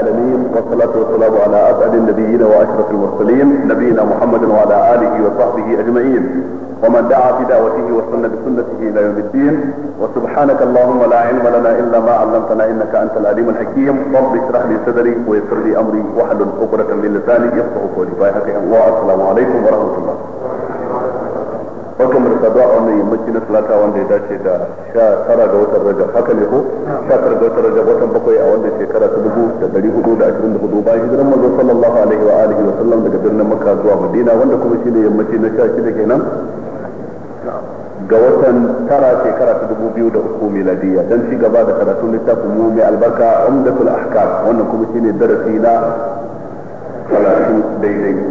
العالمين والصلاة والسلام على أسعد النبيين وأشرف المرسلين نبينا محمد وعلى آله وصحبه أجمعين ومن دعا بدعوته وسن بسنته إلى يوم الدين وسبحانك اللهم لا علم لنا إلا ما علمتنا إنك أنت العليم الحكيم رب اشرح لي صدري ويسر لي أمري واحلل عقدة من لساني يفقه قولي السلام عليكم ورحمة الله watan murtaba a wannan yammaci na talata wanda ya dace da sha tara ga watan rajab haka ne ko sha tara ga watan rajab watan bakwai a wannan shekara ta dubu da dari hudu da ashirin da hudu bayan hijiran manzo sallallahu alaihi wa alihi wa sallam daga birnin makka zuwa madina wanda kuma shi yammaci na sha shida kenan ga watan tara shekara ta dubu biyu da uku miladiyya don ci gaba da karatun littafin mu mai albarka umdatul ahkam wannan kuma shi darasi na talatin daidai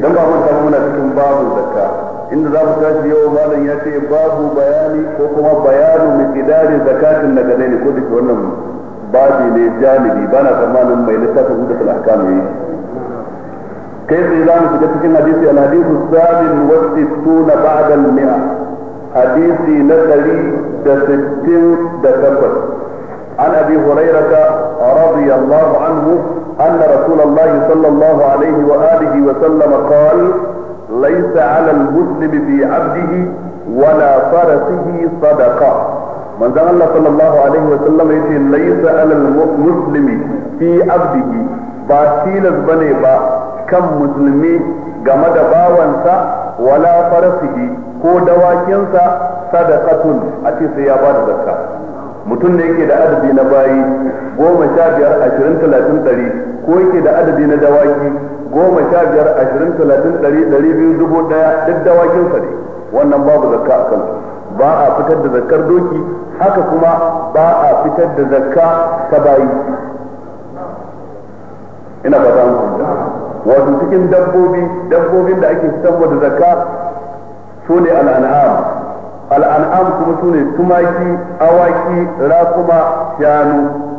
idan ba mun muna cikin babu zakka inda za mu tashi yau malam ya ce babu bayani ko kuma bayanu mai idari zakatin na gane ne ko da wannan babi ne janibi ba na tsammanin mai littafin hudu fil ahkam ne kai sai za mu shiga cikin hadisi al hadisu sabin wa sittuna ba'da al mi'a hadisi na ɗari da sittin da takwas an abi hurairata radiyallahu anhu anna rasulullahi sallallahu alaihi wa alihi wa sallama qala ليس على المسلم في عبده ولا فرسه صدقة من ذا الله صلى الله عليه وسلم يتي ليس على المسلم في عبده باتيلز بني با كم مسلمي game da ولا فرسه كو ko dawakinsa sadaqatun a ce sai ya bada mutum da yake da adadi na bayi goma sha biyar ashirin talatin ɗari ko yake da adadi na dawaki goma sha biyar ashirin talatin ɗari ɗari biyu dubu ɗaya duk dawakinsa ne wannan babu zakka a kansu ba a fitar da zakkar doki haka kuma ba a fitar da zakka ta bayi ina fata wato cikin dabbobi dabbobin da ake fitarwa da zakka su ne al'an'am al'an'am kuma su ne tumaki awaki rakuma shanu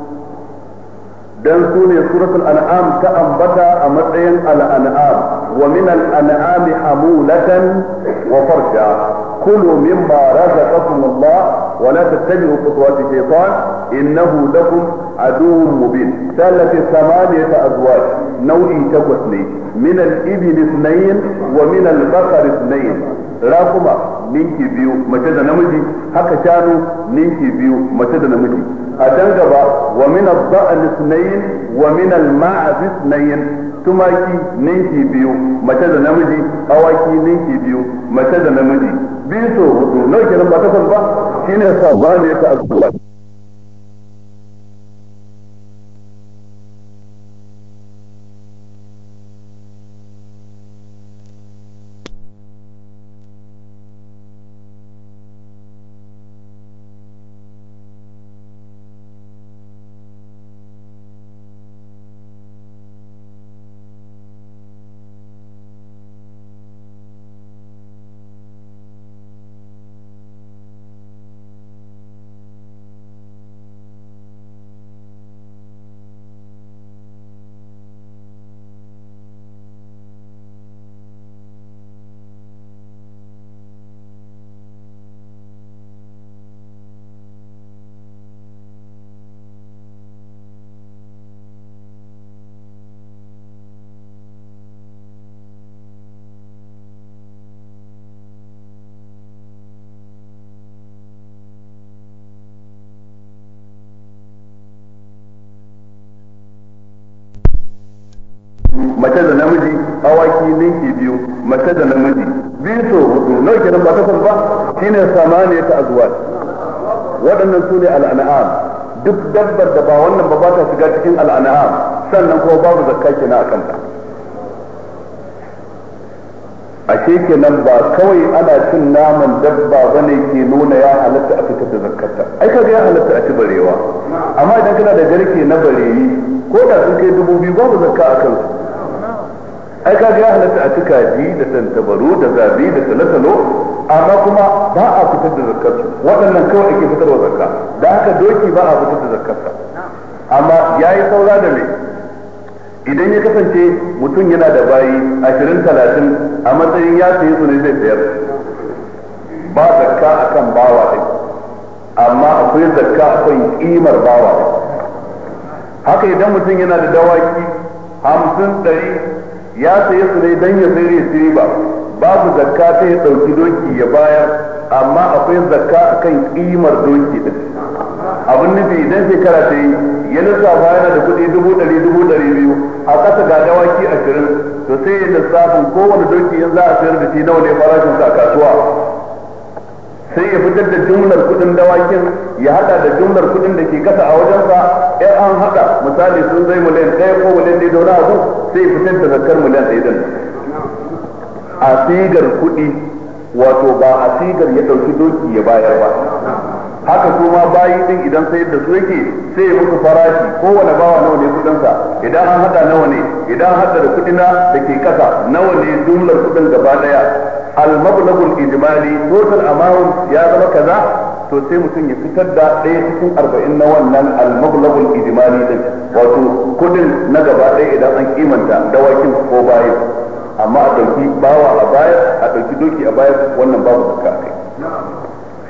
dan su ne suratul an'am ta ambata a matsayin al'an'am wa min al'an'ami hamulatan wa farja kulu mimma razaqakum Allah wa la tattabi'u khutuwati shaytan innahu lakum aduwwun mubin sallati ta azwaj nau'i takwas ne min al-ibil ithnayn wa min al-baqar ithnayn raquma ninki biyu mace da namiji haka shanu ninki biyu mace da namiji a can gaba wa min ad-da'n ithnayn wa min al-ma'az ithnayn tumaki ninki biyu mace da namiji awaki ninki biyu mace da namiji biyu so hudu nawa kenan ba takwas ba shine sa ba ne ta azumi cikin al'an'am sannan kuma babu zakka kenan akan ta ashe kenan ba kawai ana cin naman dabba bane ke nuna ya halatta a fitar da zakkarta ai kaga ya halatta a ci barewa amma idan kana da garke na barewi ko da sun kai dubu biyu babu zakka a kansu ai kaga ya halatta a ci kaji da tantabaru da zabi da talatalo amma kuma ba a fitar da zakkarsu waɗannan kawai ake fitarwa zakka da haka doki ba a fitar da zakkarsa amma ya yi saura da mai idan ya kasance mutum yana da bayi ashirin talatin a matsayin ya sayi su ne zai sayar ba zakka kan bawa ɗin amma akwai zakka kan ƙimar bawa ɗin haka idan mutum yana da dawaki hamsin ɗari ya sayi su ne don ya sayar ya ba babu zakka ta ya ɗauki doki ya bayar amma akwai zakka kan ƙimar doki ɗin abin nufi idan shekara ta yi ya lissafa yana da kuɗi dubu ɗari dubu ɗari biyu a ƙasa ga dawaki ashirin to sai ya lissafin kowane doki in za a sayar da shi nawa ne farashin sa kasuwa sai ya fitar da jumlar kuɗin dawakin ya hada da jumlar kuɗin da ke kasa a wajen sa ya an hada misali sun zai miliyan ɗaya ko miliyan ɗaya da wani abu sai ya fitar da zakar miliyan ɗaya din a sigar kuɗi wato ba a sigar ya ɗauki doki ya bayar ba haka su ma bayi din idan sai da su yake sai ya musu farashi kowane bawa nawa ne kudin sa idan an hada nawa ne idan hada da kudin da ke kasa nawa ne jumlar kudin gaba daya al mablagul ijmali total amount ya zama kaza to sai mutum ya fitar da ɗaya cikin arba'in na wannan al-mablagul ijimali din wato kudin na gaba daya idan an kimanta dawakin ko bayan amma a ɗauki bawa a bayar a ɗauki doki a bayar wannan babu zakka kai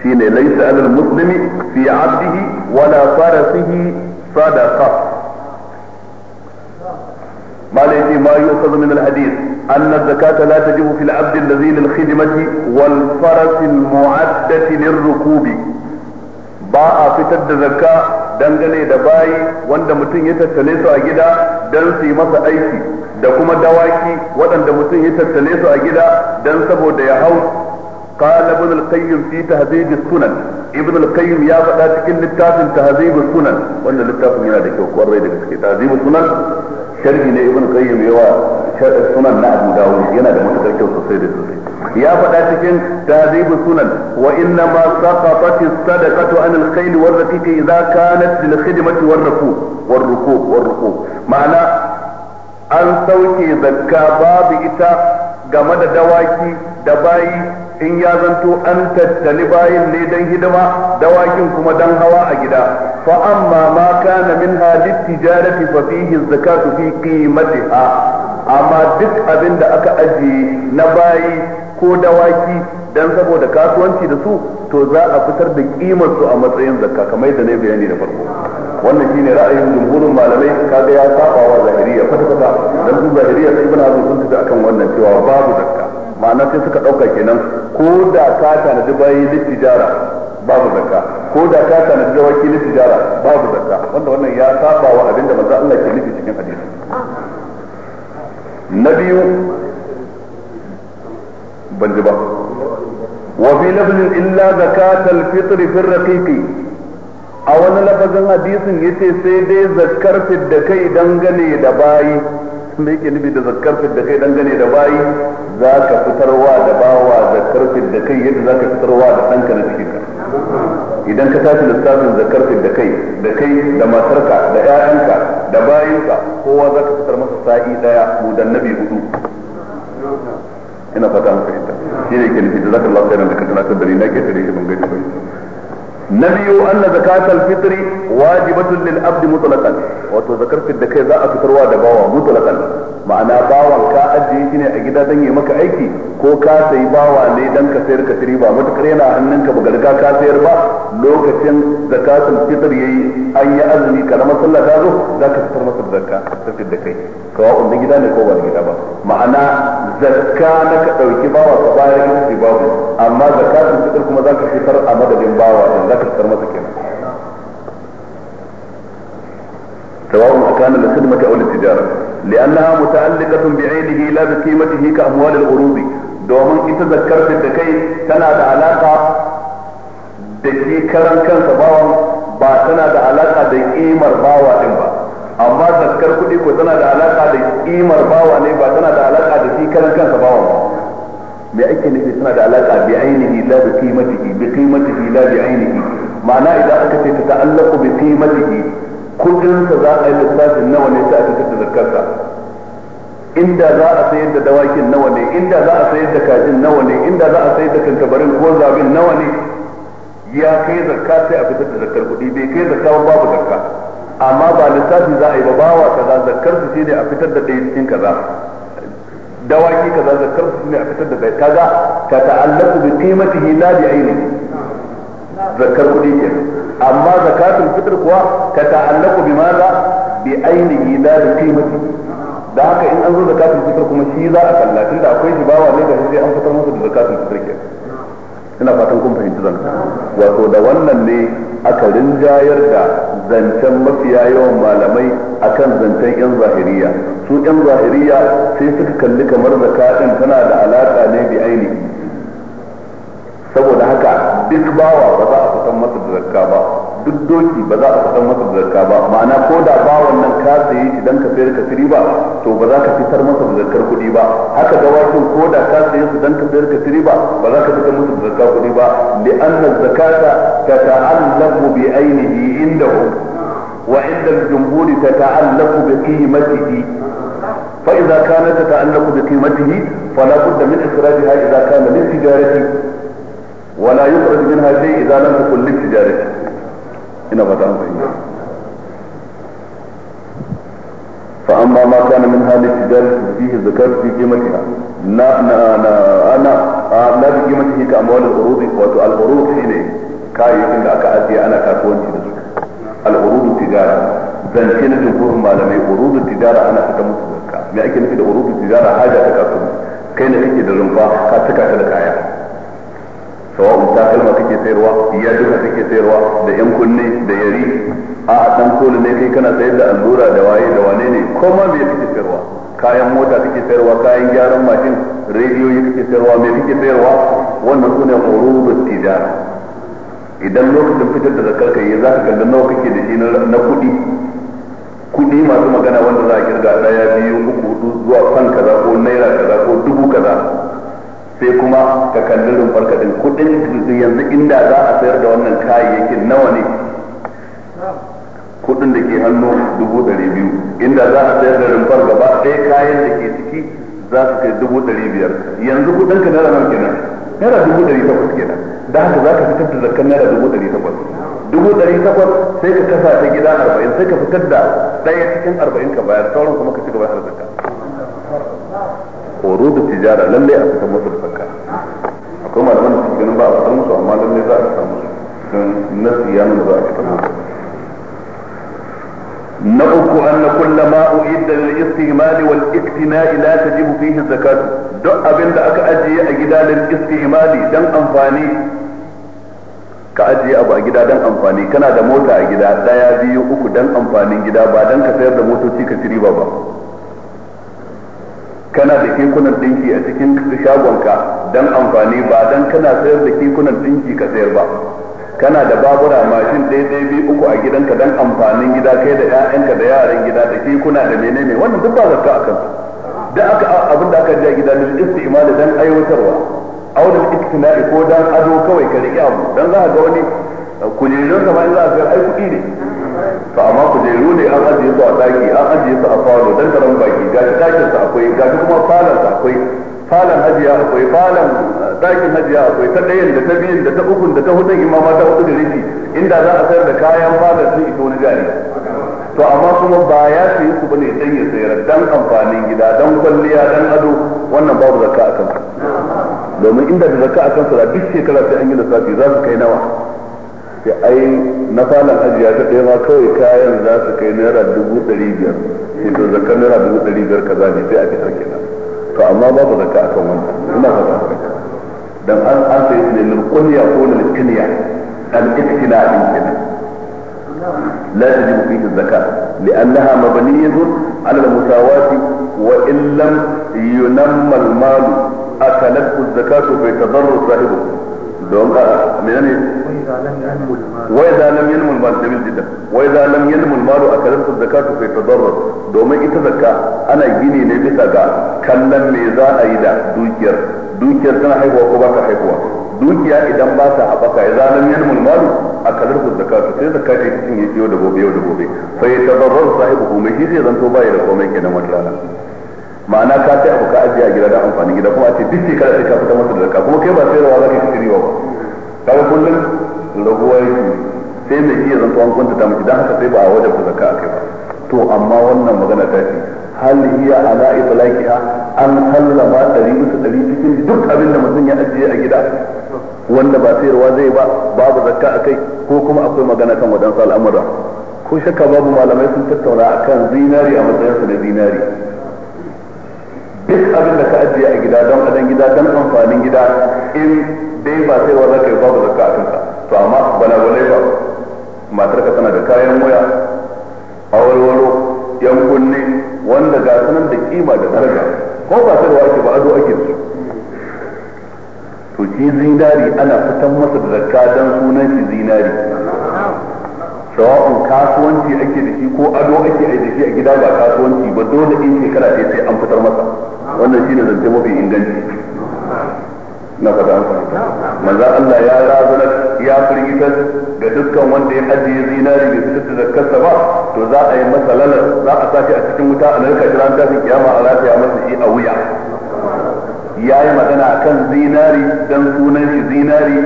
shine laysa alal muslimi fi abdihi wala farasihi sadaqa malai ma yu'khadhu min al hadith أن الزكاة لا تجب في العبد الذي للخدمة والفرس المعدة للركوب ba a fitar da zakka dangane da bayi wanda mutum ya tattale su a gida don su yi masa aiki da kuma dawaki waɗanda mutum ya tattale su a gida don saboda ya hau قال ابن القيم في تهذيب السنن ابن القيم يا فدا cikin littafin تهذيب السنن wannan littafin yana da kyau kwarai da gaske تهذيب السنن sharhi ne ibn qayyim yawa sharh sunan na abu yana da matakar kyau sosai da sosai ya faɗa cikin تهذيب السنن وانما سقطت الصدقه عن الخيل والرفيق اذا كانت للخدمه والركوب والركوب والركوب معنى an sauke zakka babu ita game da dawaki da bayi in ya zanto an tattali bayin ne don hidima dawakin kuma don hawa a gida fa amma ma kana minha tijarati fa fihi zakatu fi qimatiha amma duk abin da aka ajiye na bayi ko dawaki dan saboda kasuwanci da su to za a fitar da kimar su a matsayin zakka kamar yadda na bayani da farko wannan shine ra'ayin jumhurin malamai kaga ya saba wa zahiriya kwata dan su zahiriya sai ibn hazm sun tafi akan wannan cewa babu zakka ma'ana sai suka ɗauka kenan ko da ka tanadi bayi littijara babu zakka ko da ka tanadi na littijara babu zakka wanda wannan ya saba wa abinda manzo Allah ke nufi cikin hadisi na biyu ban ji ba wa fi lafzin illa zakatal fitr fi raqiqi a wani lafazin hadisin yace sai dai zakkar fidda kai dangane da bayi me yake nufi da zakar da kai dangane da bayi za ka fitarwa da bawa zakkar da kai yadda za ka fitarwa da ɗanka na cikin ka idan ka tashi lissafin zakar da kai da kai da matarka da ƴaƴanka da bayinka kowa za ka fitar masa sa'i ɗaya mudan nabi hudu ina fata an fahimta shi ne ke nufi da zaka lafiya da ka tunatar da ni na ke tare shi ban gani ba na biyu na zakatar fitri wajibatun lil abdi mutlaqan wato zakar da kai za a fitarwa da bawa mutlaqan ma'ana bawan ka ajiye shi ne a gida dan yi maka aiki ko ka sayi bawa ne dan ka sayar ka tiri ba mutakar yana hannunka ba garga ka sayar ba lokacin zakatul fitr yayi an yi azumi karamar sallah ta zo za ka fitar masa zakka ta da kai sawa'un na gida ne ko ba na gida ba ma'ana zakka na ka ɗauki bawa ka bayar yin shi babu amma zakka sun fitar kuma za ka fitar a madadin bawa ɗin za ka fitar masa kenan da سواء أكان للخدمة أو للتجارة لأنها متعلقة بعينه لا بقيمته كأموال القروض domin ita zakkar da kai tana da alaka da shi karan kansa bawan ba tana da alaka da kimar bawa din ba amma saskar kuɗi ko tana da alaka da kimar bawa ne ba tana da alaka da shi kansa bawa ba me ake nufi tana da alaka bi ainihi la bi qimatihi bi qimatihi la bi ainihi ma'ana idan aka ce ta ta'allaqu bi qimatihi kudin sa za a yi lissafin nawa ne sai a fitar da sa inda za a sayar da dawakin nawa ne inda za a sayar da kajin nawa ne inda za a sayar da kankabarin ko zabin nawa ne ya kai zakka sai a fitar da zakar kuɗi bai kai zakka babu zakka amma ba lissafi za a yi ba bawa kaza zakkar su shine a fitar da ɗaya cikin kaza dawaki kaza zakkar su shine a fitar da ɗaya kaza ta ta'allaqu bi qimatihi la bi ainihi zakkar kuɗi kenan amma zakatul fitr kuwa ta ta'allaqu bi maza bi ainihi la bi qimatihi da haka in an zo zakatul fitr kuma shi za a kalla tunda akwai shi bawa ne da sai an fitar musu da zakatul fitr kenan ina fatan kun fahimci zan wato da wannan ne aka rinjayar da zancen mafiya yawan malamai akan zancen yan zahiriya su yan zahiriya sai suka kalli kamar zakatin tana da alaka ne bi aini saboda haka duk bawa ba za a fitan masa da zakka ba duk doki ba za a fitar masa zakka ba ma'ana ko da ba wannan ka saye shi dan ka sayar ka ci ba to ba za ka fitar masa zakkar kuɗi ba haka dawakin ko da ka saye su dan ka sayar ka ci ba ba za ka fitar masa zakka kuɗi ba li anna zakata tata'allaqu bi ainihi indahu wa inda al-jumhur tata'allaqu bi qimatihi fa idza kana tata'allaqu bi qimatihi fala budda min ikhrajiha idza kana min tijarati ولا يخرج منها شيء اذا لم تكن للتجاره ina ba ta amfani fa amma ma kana min fihi zakar fi na na na ana na ka al wato al shine da aka ajiye ana kasuwanci da su al tijara malamai tijara ana saka musu zakka me ake nufi da tijara haja ta kasuwanci kai ne kake da rumfa ka saka ta da kaya sawa'un takalma kake sayarwa ya duka kake sayarwa da yan kunne da yari a dan koli ne kai kana sayar da allura da waye da wane ne koma me kake sayarwa kayan mota kake sayarwa kayan gyaran mashin rediyoyi kake sayarwa me kake sayarwa wannan sune da tijara idan lokacin fitar da zakar kai za ka ga nawa kake da shi na kuɗi kuɗi masu magana wanda za a kirga daya biyu uku hudu zuwa fan kaza ko naira kaza ko dubu kaza sai kuma ka kalli rumfar kaɗin kuɗin yanzu inda za a sayar da wannan kayayyakin nawa ne kuɗin da ke hannu dubu ɗari biyu inda za a sayar da rumfar gaba ɗaya kayan da ke ciki za su kai dubu ɗari biyar yanzu kuɗin ka naira nan kenan naira dubu ɗari takwas kenan da haka za ka fitar da zakar naira dubu ɗari takwas dubu ɗari takwas sai ka kasa ta gida arba'in sai ka fitar da ɗaya cikin arba'in ka bayar sauran kuma ka ci gaba har zakka horo da tijara lalle a fitar musu da zakka akwai malaman da suke ganin ba a fitar musu amma lalle za a fitar musu don nasi ya nuna za a fitar musu na uku an na kulla ma'u idda lil istimali wal iktina'i la tajibu fihi zakat duk abin da aka ajiye a gida lil istimali dan amfani ka ajiye abu a gida dan amfani kana da mota a gida daya biyu uku dan amfanin gida ba don ka sayar da motoci ka ci riba ba kana da kekunan dinki a cikin shagonka don amfani ba dan kana sayar da kekunan dinki ka sayar ba kana da babura mashin daidai biyu uku a gidanka don amfanin gida kai da ƴaƴanka da yaran gida da kekuna da menene wannan duk ba zakka akan da aka abin da aka ji gida da istimali dan aiwatarwa auren iktina'i ko don ado kawai ka riƙe abu don za ka ga wani kujerun sa za a sayar ai kuɗi ne to amma kujeru ne an ajiye su a daki an ajiye su a falo dan karan baki ga dakin sa akwai ga kuma falon sa akwai falon hajiya akwai falon dakin eh, hajiya akwai ta ɗayan da ta biyun da ta ukun da ta hudun imama ta hudu da rufi inda za a sayar da kayan falon sun ito wani gari to amma kuma ba ya sayi ku bane dan ya sayar dan amfanin gida dan kwalliya dan ado wannan babu zakka akan domin inda da zakka akan su da duk shekara sai an yi lissafi za su kai nawa ce ai na falon ajiya ta ɗaya ma kawai kayan za su kai naira dubu ɗari biyar sai to zakar naira dubu ɗari biyar ka zane sai a fitar kenan to amma babu zakka akan wannan ina fata dan an an sai ne lulquliya ko lulqiniya al-iktina din kenan لا تجب فيه wa لأنها مبنية على المساواة وإن لم ينمى المال أكلته الزكاة فيتضرر صاحبه. دون منين وإذا لم ينم المال جميل جدا وإذا لم ينم المال أكلمت الزكاة فيتضرر domin ita zakka ana gini ne bisa ga kallon me za a yi da dukiyar dukiyar tana haihuwa ko ba ta haihuwa dukiya idan ba ta haɓaka ya zanen yan mulmalu a kalar ku zakatu sai zakka ce cikin ya yau da gobe yau da gobe fa ya tabarrar sahibu kuma shi zai zanto ba ya da komai kenan wata rana ma'ana ka sai a gida don a ce duk raguwa yake sai mai iya zanto an kwanta ta miki dan haka sai ba a wajen zakka akai ba to amma wannan magana ta ce hal hiya ala itlaqiha an sallama dari bisa dari cikin duk abin da mutum ya ajiye a gida wanda ba sayarwa zai ba babu zakka akai ko kuma akwai magana kan wadansu al'amura ko shakka babu malamai sun tattauna akan zinari a matsayinsa da zinari duk abin da ka ajiye a gida don adan gida don amfanin gida in dai ba sai wa zaka yi babu zakka a kansa ba ma gwalagwalai ba matar ka tana da kayan waya walwalo yan kunne wanda ga sanan da kima da daraja ko ba da wake ba ado ake su to shi zinari ana fitan masa da zakka dan sunan shi zinari sawa'un kasuwanci ake da shi ko ado ake a da a gida ba kasuwanci ba dole in shekara ce sai an fitar masa wannan shine zance mafi inganci na fata manzo Allah ya razana ya firgitar ga dukkan wanda ya ajiye zinari bai fitar da zakarsa ba to za a yi masa lalar za a sa a cikin wuta a narka shi ran tashin kiyama a rataya masa shi a wuya ya yi magana a kan zinari don sunan shi zinari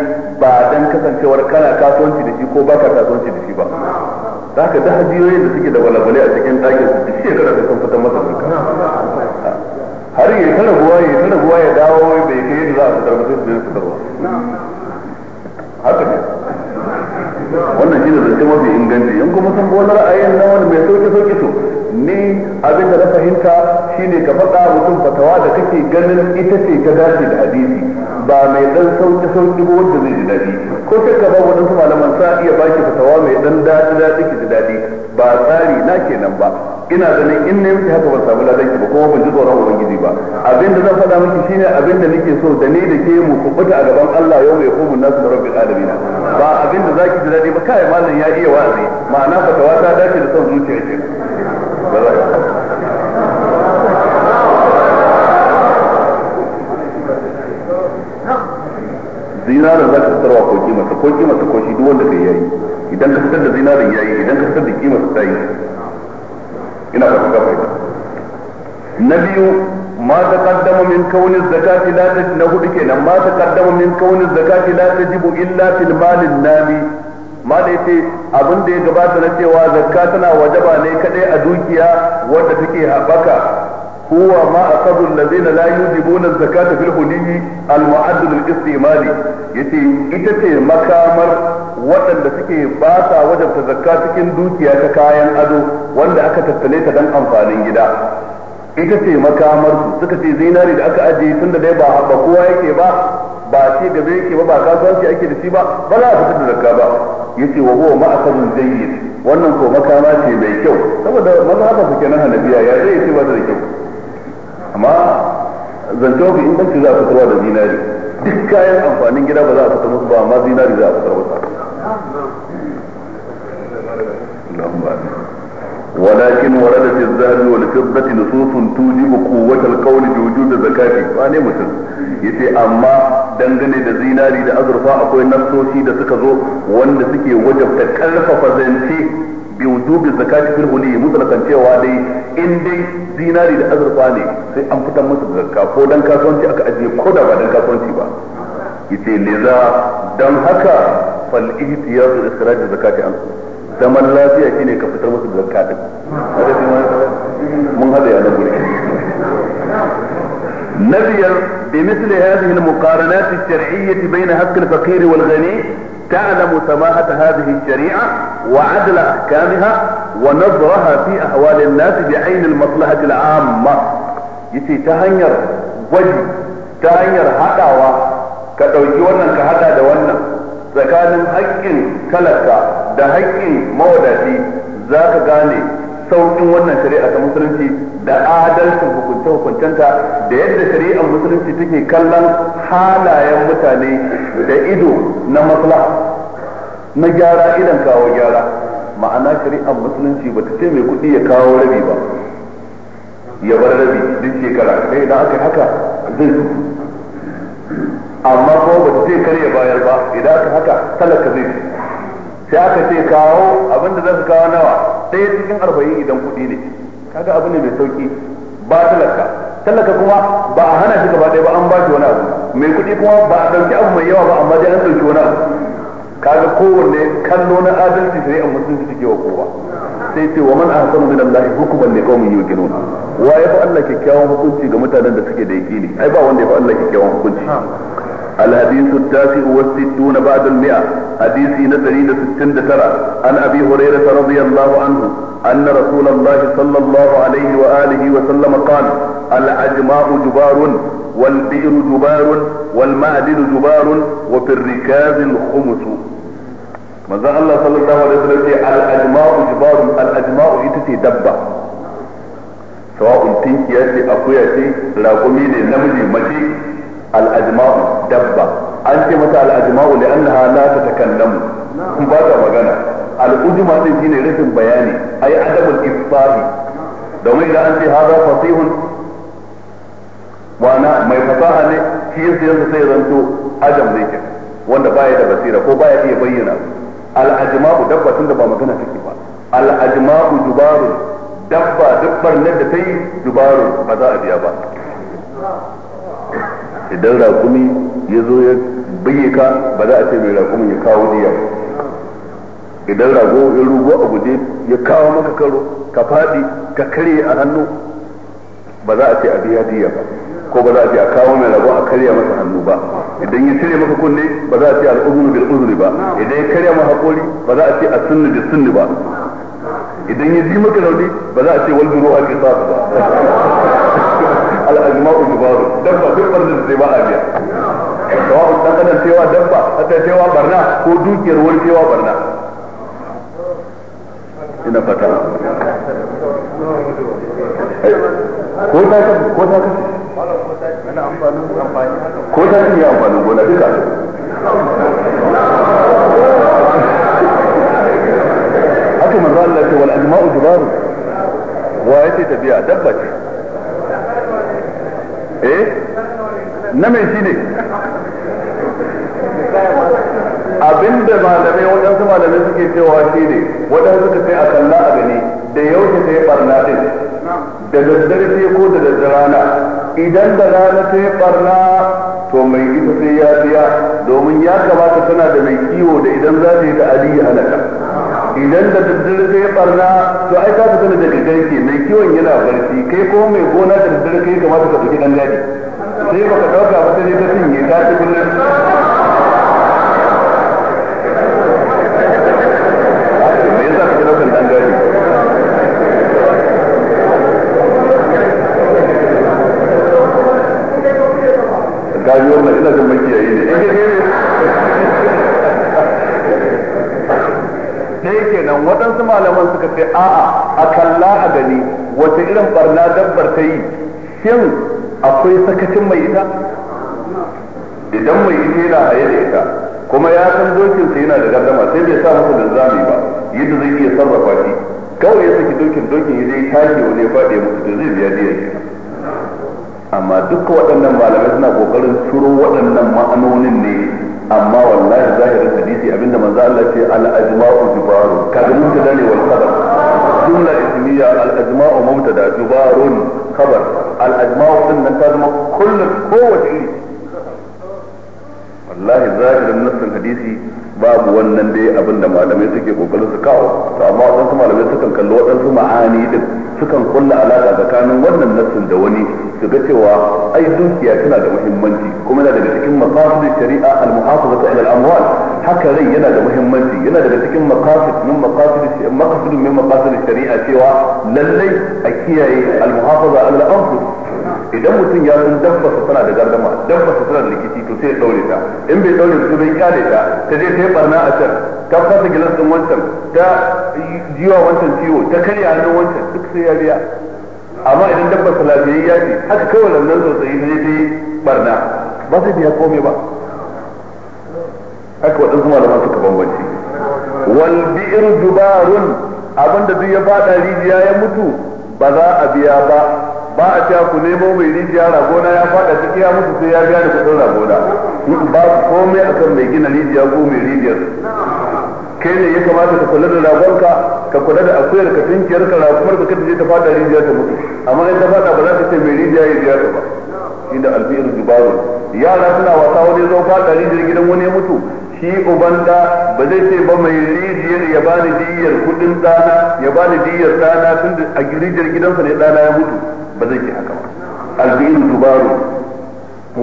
ba don kasancewar kana kasuwanci da shi ko baka kasuwanci da shi ba za ka da hajiyoyin da suke da walabale a cikin ɗakin su duk shekara da sun fitar masa zakka har yi ta rabuwa ya ta rabuwa ya dawo bai kai yadda za a fitar ba sai su fitarwa haka ne wannan shi ne zance mafi inganci in kuma san bolar ayin na wani mai sauki sauki to ni abin da na fahimta shine ka faɗa mutum fatawa da kake ganin ita ce ta dace da hadisi ba mai dan sauki sauki ba wanda zai ji daɗi ko ka ba waɗansu malaman sa iya baki fatawa mai dan daɗi daɗi ki ji daɗi ba tsari na kenan ba ina ganin in ne miki haka ban samu ladanki ba kuma ban ji tsoron ubangiji ba abin da zan faɗa miki shine abin da nake so da ni da ke mu kubuta a gaban Allah yau mai komun nasu da rabbi alamin ba abin da zaki ji dadi ba kai mallan ya iya wa'azi ma'ana ba ta dace da son zuciya ce zinarin za ka fitarwa ko kimarsa ko kimarsa ko shi duk wanda kai yayi idan ka fitar da zinarin yayi idan ka fitar da kimarsa ta yi ina da kuka fahimta na biyu ma kaddama min kauni zakati la na hudu kenan ma ta kaddama min kauni zakati la jibu illa fil malin nami ma da yace abin da ya gabata na cewa zakka tana wajaba ne kadai a dukiya wadda take haɓaka هو ما أصاب الذين لا يجبون الزكاة في الحلي المعد للاستعمال يتي إتتي مكامر وطن لسكي باسا وجب تزكاة كن دوكيا ككايا أدو وان أكا تتليت دن أنفانين جدا إتتي مكامر سكتي زيناري لأكا أجي تند دي با حبا قوة يكي با با شي gaba yake ba ba kasuwanci ake da shi ba ba za a fitar da zakka ba yace wa huwa ma'asarun jayyid wannan ko makama ce mai kyau saboda su kenan hanabiya ya zai ce ba da kyau amma zance mafi inganci za a fitarwa da zinari duk kayan amfanin gida ba za a fitar musu ba amma zinari za a fitar musu ولكن ورد في الذهب والفضة نصوص توجب قوة القول بوجود زكاته فأنا مسلم يتي amma dangane da zinari da azurfa akwai nassoshi da suka zo wanda suke wajabta karfafa zance bi wujubi zakati fil huli mutlaqan dai in dai zinari da azurfa ne sai an fitar masa da zakka ko dan kasuwanci aka ajiye ko da ba dan kasuwanci ba yace liza dan haka fal ihtiyar da ikhraj zakati an zaman lafiya shine ka fitar masa da zakka din mun hada ya na gure نبيا بمثل هذه المقارنات الشرعية بين حق الفقير والغني تعلم سماحة هذه الشريعة وعدل أحكامها ونظرها في أحوال الناس بعين المصلحة العامة يتي تهنير وجه تهنير هداوة كتوجي ونن كهدا دونن tsakanin haƙƙin talaka da haƙƙin mawadaci za ka gane saukin wannan shari'a ta musulunci da adalcin hukunce hukuncenta da yadda shari'ar musulunci take kallon halayen mutane da ido na matsala na gyara idan kawo gyara ma'ana shari'ar musulunci ba ta ce mai kuɗi ya kawo rabi ba ya bar rabi duk shekara sai idan aka haka zai su? amma ko ba ta ce kar ya bayar ba idan aka haka talaka zai sai aka ce kawo abinda zai kawo nawa ɗaya cikin arba'in idan kuɗi ne kaga abu ne mai sauki ba talaka talaka kuma ba a hana shi gaba ɗaya ba an ba shi wani abu mai kuɗi kuma ba a ɗauki abu mai yawa ba amma dai an ɗauki wani abu kaga kowanne kallo na adalci sai an mutunci cike wa kowa sai ce wa man ahsanu min Allah hukuman li qaumin yuqinun wa ya yafi Allah kyakkyawan hukunci ga mutanen da suke da yaqini ai ba wanda ya yafi Allah kyakkyawan hukunci الحديث التاسع والستون بعد المئة حديث نزلي لستين ترى عن أبي هريرة رضي الله عنه أن رسول الله صلى الله عليه وآله وسلم قال العجماء جبار والبئر جبار والمعدن جبار وفي الركاز الخمس manzon Allah sallallahu alaihi wasallam ce al ajma'u jibaru al ajma'u ita ce dabba sawa'un tinkiya ce akuya ce raƙumi ne namiji mace al ajma'u dabba an ce mata al'ajma'u li'annaha la tatakallamu ba ta magana al'ujma din shine rashin bayani ai adabul ifsahi domin idan an ce hada fasihun wana mai fasaha ne shi yasa yanzu sai zanto ajam ne ke wanda baya da basira ko baya iya bayyana al'ajma'u dabba da ba magana take ba al'ajma'u dubaru dabba dabbar nan da ta yi dubaru ba za a biya ba idan rakumi ya zo ya bayi ka ba za a ce mai raƙumi ya kawo diya idan rago ya rugo a guje ya kawo maka karo ka faɗi ka karye a hannu ba za a ce a biya diya ba ko ba za a ce a kawo mai rago a karya masa hannu ba idan ya cire maka kunne ba za a ce al'uzuru bil uzuri ba idan ya karya maka hakori ba za a ce a sunni bil sunni ba idan ya ji maka rauni ba za a ce wal a qisas ba al'ajma'u dubaru dabba duk barnin sai ba a biya sawa'u dan adam cewa dabba hatta cewa barna ko dukiyar wani cewa barna ina fata ko ta ko ta ko ta ne amfanin gona duka haka manzo Allah ce wal ajma'u dubaru wa yace tabiya dabba ce eh na mai Abin abinda malamai waɗansu malamai suke cewa shi ne waɗansu suka sai a kalla a gani da yau ta yi barna ɗin da daddare sai ko da daddarana idan da rana ta yi barna to mai ita sai ya biya domin ya kamata tana da mai kiwo da idan za ta yi da aliyu halaka idan da daddare kai barna to ai ka fita da daddare ke mai kiwon yana barci kai ko mai gona da daddare kai kamata ka ɗauki dan gadi sai baka dauka ba sai ka cinye ta ci kullum ka ɗaukan ɗan gadi gaji wannan ina jin waɗansu malaman suka ce a'a a kalla a gani wata irin barna dabbar ta yi shin akwai sakacin mai ita idan mai ita yana haye da ita kuma ya san dokin sa yana da gardama sai bai sa masa da zami ba yadda zai iya sarrafa shi kawai ya saki dokin dokin ya zai tashi wani ya faɗi ya mutu to zai biya diya amma duka waɗannan malamai suna kokarin turo waɗannan ma'anonin ne amma wallahi zahirin hadisi abinda manzo Allah ce al ajma'u jubaru kaga mubtada ne wal khabar jumla ismiya al ajma'u mubtada jubarun khabar al ajma'u din nan ta zama kullu kowace iri wallahi zahirin nassin hadisi babu wannan dai abinda malamai suke kokarin su kawo to amma wadansu malamai sukan kalli wadansu ma'ani din sukan kulla alaka tsakanin wannan nassin da wani su ga cewa ai dukiya tana da muhimmanci kuma yana daga cikin maqasid shari'a al-muhafazatu ala al-amwal haka rai yana da muhimmanci yana daga cikin maqasid min maqasid maqasid min maqasid shari'a cewa lallai a kiyaye al-muhafaza ala al-anfus idan mutum ya san dabba su tana da gardama dabba su tana da rikici to sai ya daure ta in bai daure su bai kyale ta ta je ta yi barna a can ka fasa gilas din wancan ta jiwa wancan ciwo ta karya hannun wancan duk sai ya biya amma idan dabba salafiyayya ya ce haka kawai lannan sosai ne dai barna ba sai biya komai ba haka waɗansu malaman suka bambanci wal bi'r dubarun abinda duk ya fada rijiya ya mutu ba za a biya ba ba a cewa ku nemo mai rijiya ragona ya fada ciki ya mutu sai ya biya da kudin ragona ba komai akan mai gina rijiya ko mai rijiyar kai ne ya kamata ka kula da ragonka ka kula da akuyar ka tunkiyar ka ragumar ka kada je ta fada rijiya ta mutu amma in ta fada ba za ta ce mai rijiya ya biya ta ba inda da albiyar yara suna wasa wani zo fada rijiyar gidan wani ya mutu shi uban da ba zai ce ba mai rijiyar ya bani diyar kudin dana ya bani diyar dana tun da a rijiyar gidansa ne dana ya mutu ba zai ce haka ba albiyar zubaru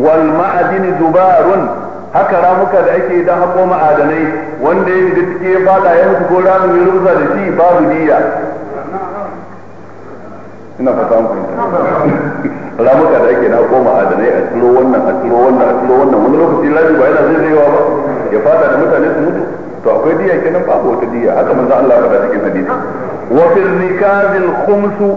wal ma'adini zubarun haka ramuka da ake da haƙo ma'adanai wanda yin gaske ciki ya fada ya mutu ko ramin ya rubuta da shi babu niyya ina fata mu ramuka da ake na haƙo ma'adanai a turo wannan a turo wannan a turo wannan wani lokaci lafi ba yana zai zaiwa ba ya fada da mutane su mutu to akwai diya kenan babu wata diya haka manzo Allah faɗa cikin hadisi wa fil nikazil khumsu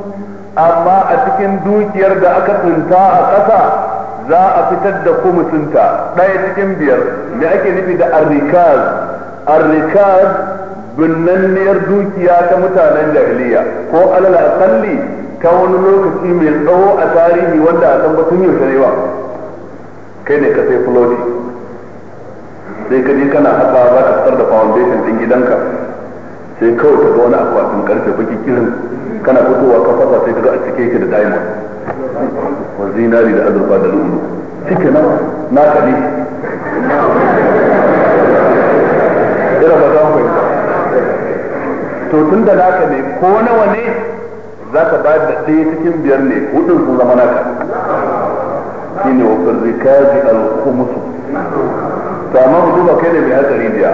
amma a cikin dukiyar da aka tunta a ƙasa za a fitar da mutunta ɗaya cikin biyar me ake nufi da arrikaz arrikaz binnanniyar dukiya ta mutanen jahiliya ko alal akalli ta wani lokaci mai tsawo a tarihi wanda a san batun yaushe ne ba kai ne ka sai fuloti sai ka je kana haka za ka fitar da foundation din gidanka sai kawai ka ga wani akwatin karfe baki kirin kana fitowa ka fasa sai ka ga a cike yake da diamond wa zinari da azurfa da lulu cikin nan na kaɗi ira ba za ku to tun da naka ne ko nawa ne za ka ba da ɗaya cikin biyar ne hudun sun zama naka shine wa firrikazi al-khumusu to amma mu duba kai ne mai hatsari biya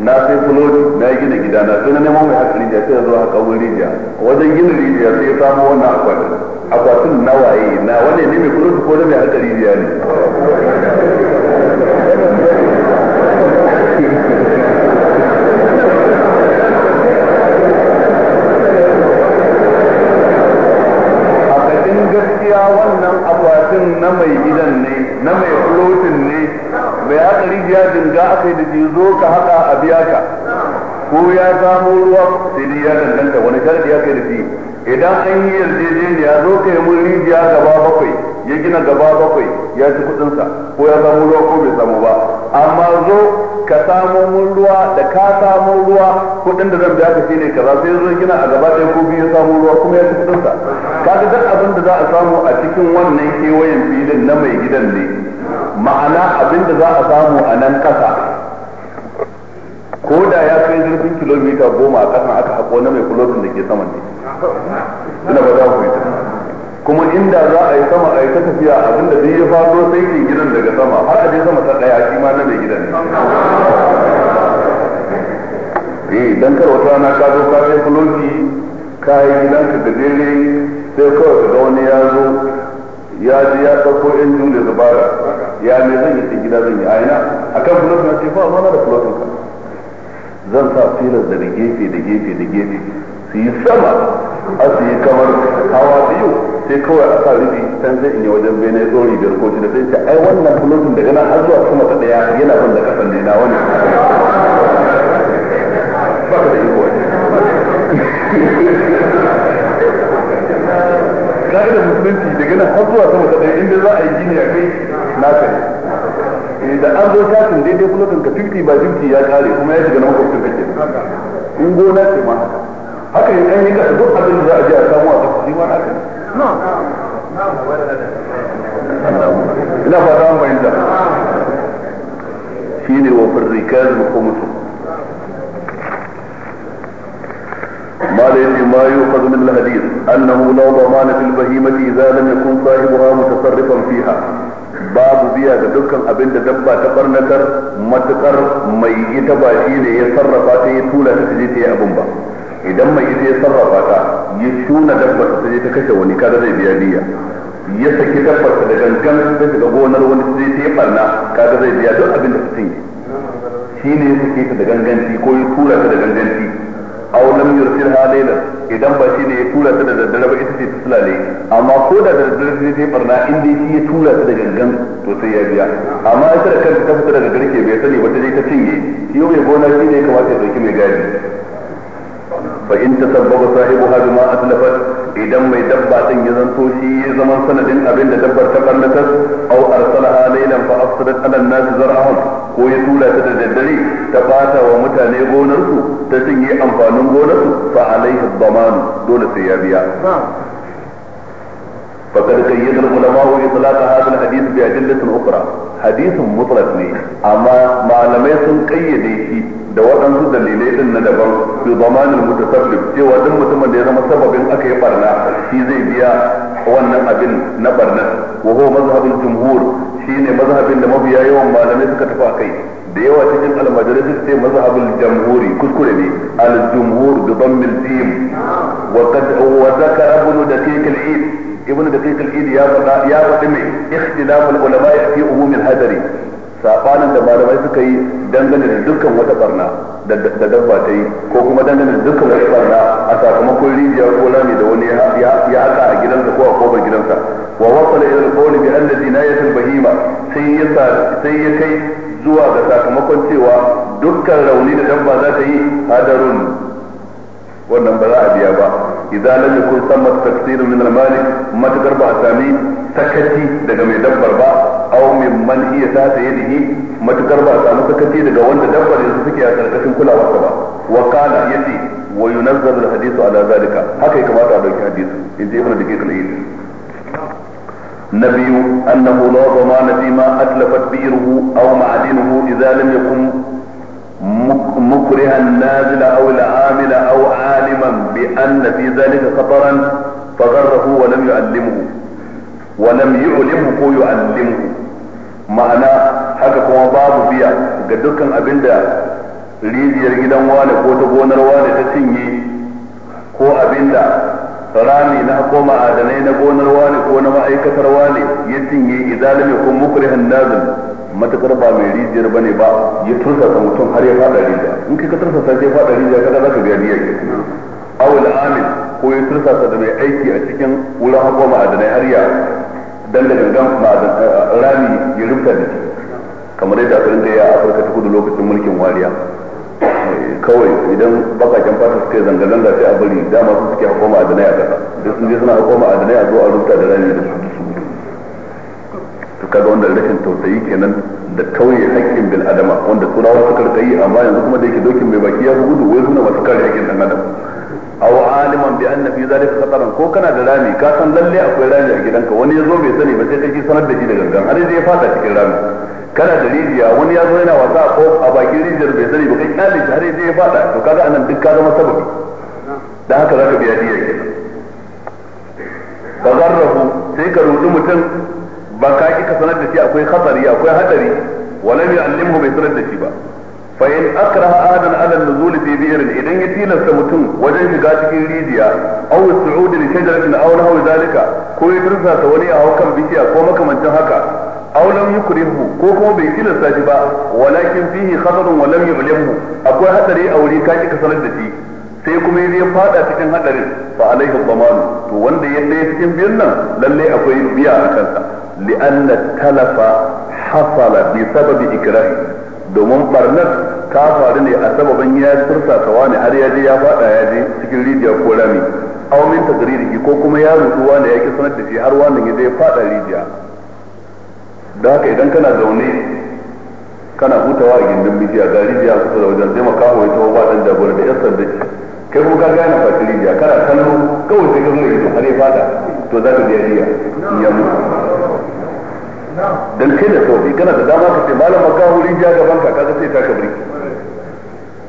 na sai fuloti na yi gina gida na sai na neman mai haka rijiya sai ya zo haka wani rijiya wajen gina rijiya sai ya samu wannan akwatin akwatin na waye na wane ne mai fuloti ko da mai haka rijiya ne riga aka yi da shi zo ka haka a biya ka ko ya samu ruwa sai dai ya danganta wani sharadi aka yi da shi idan an yi yarjejeniya zo ka yi mun rijiya gaba bakwai ya gina gaba bakwai ya ci kudinsa ko ya samu ruwa ko bai samu ba amma zo ka samu mun ruwa da ka samu ruwa kudin da zan biya ka shine kaza sai zo gina a gaba ɗaya ko biyu samu ruwa kuma ya ci kudinsa kaga duk abin da za a samu a cikin wannan kewayen filin na mai gidan ne ma'ana abinda za a samu a nan kasa ko da ya kai zurfin kilomita goma a kasan aka haƙo na mai kulotin da ke saman ne ina ba za ku yi kuma inda za a yi sama a yi ta tafiya abinda zai ya faso sai ke gidan daga sama har a je sama ta ɗaya shi ma na mai gidan ne eh dan kar wata rana ka zo ka kai ka yi gidan ka gajere sai kawai ka ga wani ya zo ya ji ya ɗauko injin da zubara ya ne zan yi gida zan yi aina a kan fulot na ce ba ma na da fulotin ka zan sa filar da gefe da gefe da gefe su yi sama a su yi kamar hawa biyu sai kawai a sa rufi can zai in wajen bene tsori biyar ko da sai ce ai wannan fulotin daga nan har zuwa kuma ta daya yana ban da kasan ne na wani ba ka da iko siminti daga nan har zuwa sama kadai inda za a yi gini a kai na kai da an zo shafin daidai kuma kulotin ka fifti ba 50 ya kare kuma ya shiga na makwabcin kake in gona ce ma haka yi an yi ka duk abin da za a je a samu a tafi ma haka ina fata an fahimta shi ne wa firrikar hukumtu ما ليس ما يؤخذ من الحديث أنه لا ضمان في البهيمة إذا لم يكن صاحبها متصرفا فيها babu biya ga dukkan abinda da dabba ta barnatar matukar mai ita ba أبنبا ne ya sarrafa ta ya tura idan mai ita ya sarrafa ta ya tuna dabba ta ta kashe wani kada zai biya biya ya saki dabbar da gangan ta shiga gonar wani ta ta yi kada zai biya duk abin da ta shi ne ya saki ta da ganganci ko ya tura ta da ganganci aw lam yursilha idan ba shi ne ya tura ta da daddare ba ita ce ta sulale amma ko da da daddare ta yi barna in shi ya tura ta da gangan to sai ya biya amma ita da kanta ta fita daga garke bai sani ba ta je ta cinye shi mai gona shi ne ya kamata ya dauki mai gadi fa in tasabbaga sahibuha bima atlafat idan mai dabba din ya zanto shi ya zama sanadin abin da dabbar ta barnatar aw arsalaha laylan fa afsadat ala an-nas zar'ahum ko ya tura ta da daddare ta bata wa mutane gonarsu ta cinye amfanin gonarsu fa alaihi dhaman dole sai ya biya فقد قيد العلماء اطلاق هذا الحديث بادله اخرى حديث مطلق ne amma malamai sun kayyade shi da waɗansu dalilai din na daban su zamanin mutasarrif cewa duk mutumin da ya zama sababin aka yi barna shi zai biya wannan abin na barna wa huwa mazhabul jumhur shine mazhabin da mafiya yawan malamai suka tafi kai da yawa cikin almajirai suka ce mazhabul jamhuri kuskure ne al jumhur bi dammil jim wa qad wa zakara ibn daqiq al id ibn daqiq al id ya faɗa ya faɗi mai ikhtilaful ulama fi umumil hadari sabanin da malamai suka yi dangane da dukkan wata barna da dabba ta yi ko kuma dangane da dukkan wata barna a sakamakon rijiya ko rami da wani ya haka a gidansa ko a kofar gidansa wa wasala ila alqawl bi anna na bahima sai ya sai ya kai zuwa ga sakamakon cewa dukkan rauni da dabba za ta yi hadarun wannan ba za a biya ba idan lam yakun samma taksir min al-malik matakar ba a sami sakaci daga mai dabbar ba aw mimman hiya ta sayyidihi matukar ba samu sakaci daga wanda dabbar yanzu suke a karkashin kulawarsa ba wa kana yadi wa yunazzalu alhadithu ala zalika haka ya kamata a dauki hadisi in ji ibnu dakiq al-ayyid نبي أنه لا ضمان فيما أتلفت بئره أو معدنه إذا لم يكن مكرها النازل أو العامل أو عالما بأن في ذلك خطرا فغره ولم يعلمه ولم يعلمه يعلمه ma'ana haka kuma babu biya ga dukkan abin da rijiyar gidan wane ko ta gonar wane ta cinye ko abin da rami na ko ma'adanai na gonar wane ko na ma'aikatar wane ya cinye idalami ko mukrihan nazim matakar ba mai rijiyar bane ba ya tursasa mutum har ya fada rijiya in kai ka tursasa sai fada rijiya kaga zaka biya biya ke awul amin ko ya tursasa da mai aiki a cikin wurin hako ma'adanai har ya dan da gangan eh, eh, rami ya da shi kamar yadda aka da ya a afirka ta kudu lokacin mulkin wariya eh, kawai idan bakaken fata suka zanga-zanga sai a bari dama su suke a dana a kasa duk sun je suna a dana ya zo a rubuta da rami da su kaga wanda rashin tausayi kenan da kauye haƙƙin bil adama wanda turawa suka rika yi amma yanzu kuma da yake dokin mai baki ya gudu wai suna masu kare haƙƙin dan adam aw aliman bi anna fi zalika khataran ko kana da rami ka san lalle akwai rami a gidanka wani ya zo bai sani ba sai kake sanar da shi da gangan har sai ya fada cikin rami kana da rijiya wani ya zo yana wasa ko a bakin rijiyar bai sani ba kai kyale shi har sai ya fada to kaga anan duk ka zama sababi dan haka zaka biya diya kenan fazarrahu sai ka rudu mutum ba ka ki ka sanar da shi akwai khatari akwai hadari walam ya'allimhu bai sanar da shi ba fa in akraha adan ala nuzul fi bi'r idan ya tilasta mutum wajen shiga cikin rijiya aw su'ud li shajaratin aw nahwa zalika ko ya ta wani a hukan bishiya ko makamancin haka aw lam yukrihu ko kuma bai tilasta shi ba walakin fihi khatarun wa lam yu'limhu akwai hadari a wuri ka kika sanar da shi sai kuma ya fada cikin hadarin fa alaihi dhamanu to wanda ya dai cikin biyan nan lalle akwai biya a kansa li'anna talafa hasala bi sababi ikrahi domin barnar ta faru ne a sababin ya tursa kawa ne har ya ya fada ya je cikin rijiya ko rami ta min ko kuma ya rutu wanda yake sanar da shi har wani ya je ya fada rijiya da haka idan kana zaune kana hutawa a gindin bishiya ga rijiya kusa da wajen zai makaho ya tawo ba dan da yasar da shi kai kuma ka gane fati rijiya kana kallo kawai sai ka zo har ya fada to za ka biya rijiya ya mutu dan kai da sauri kana da dama ka ce malam wurin ja gaban ka kaga sai ta kabri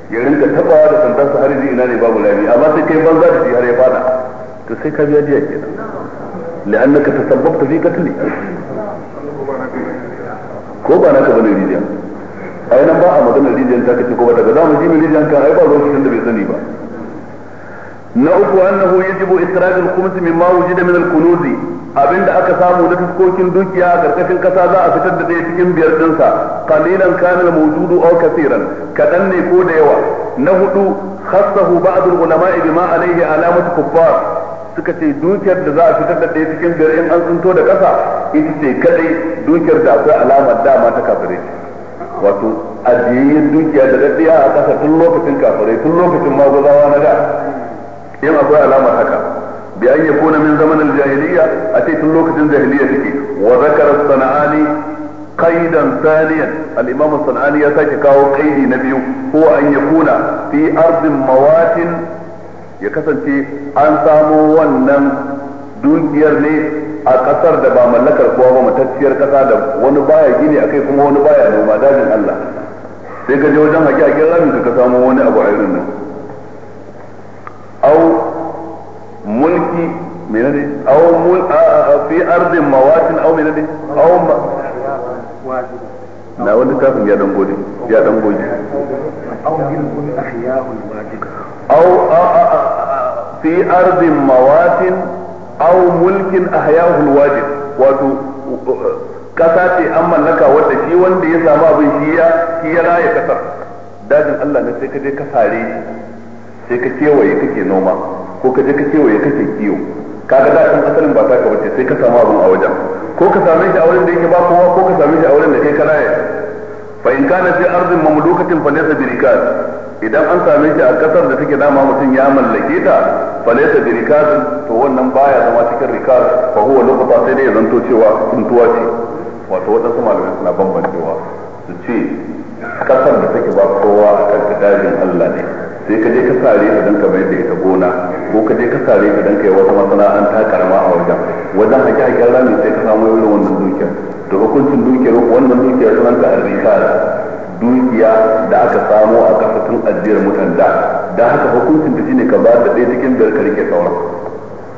ya rinka tabawa da sandan sa har ina ne babu lami amma sai kai banza da shi har ya fada to sai ka biya diya kenan la'annaka tasabbabta fi katli ko ba naka bane rijiya ai nan ba a maganar rijiyar ta kace ko ba daga zamu ji mai rijiyar kan ai ba lokacin da bai sani ba na uku annahu yajibu isra'il khumsi mimma wujida min al-kunuz Abin da aka samu na dukokin dukiya a karkashin kasa za a fitar da ɗaya cikin biyar ɗinsa ƙalilan kana da mawjudu aw kaseeran kadan ne ko da yawa na hudu khassahu ba'd al-ulama'i bima alayhi alamatu kuffar suka ce dukiyar da za a fitar da ɗaya cikin biyar in an tsinto da ƙasa ita ce kadai dukiyar da akwai alamar dama ta kafire. wato ajiyayyen dukiya da daɗiya a ƙasa tun lokacin kafirai tun lokacin maguzawa na da in akwai alamar haka bi an yakuna min zaman al-jahiliya a ce tun lokacin jahiliya take wa zakara sana'ani qaidan thaniyan al-imam sana'ani ya sake kawo qaidi na biyu ko an yakuna fi ardin mawatin ya kasance an samo wannan dukiyar ne a kasar da ba mallakar kowa ba matacciyar kasa da wani baya gini akai kuma wani baya noma dajin Allah sai ka wajen haƙi ran ramin ka samo wani abu a irin nan au mulki menene aw mul a fi ardin mawatin aw menene aw na wani kafin ya dan gode ya dan gode aw fi ardin mawatin aw mulkin ahyahu alwajib wato kasa ce an mallaka wanda shi wanda ya samu abin shi ya shi ya raya kasar dajin Allah ne sai ka je ka sare sai ka kewaye kake noma ko ka je ka kewaye kake kiyo kaga da kan asalin ba taka bace sai ka samu abun a wajen ko ka same shi a wurin da yake ba kowa ko ka same shi a wurin da kai kana yin fa in kana fi ardin mamlukatin fa laysa birikat idan an same shi a kasar da take dama mutum ya mallake ta fa laysa birikat to wannan baya zama cikin rikar fa huwa luqata sai dai zanto cewa tuntuwa ce wato wadansu malamai suna bambancewa su ce kasar da take ba kowa a kan dajin Allah ne sai ka je ka sare ka dan ka mai da ita gona ko ka je ka sare ka dan kai wata masana'anta karama a wajen wajen haƙi haƙin rami sai ka samu irin wannan dukiyar to hukuncin dukiyar wannan dukiyar sunan ta arrisala dukiya da aka samu a kasa tun ajiyar mutan da da haka hukuncin ta shine ka ba da ɗaya cikin biyar ka rike sauran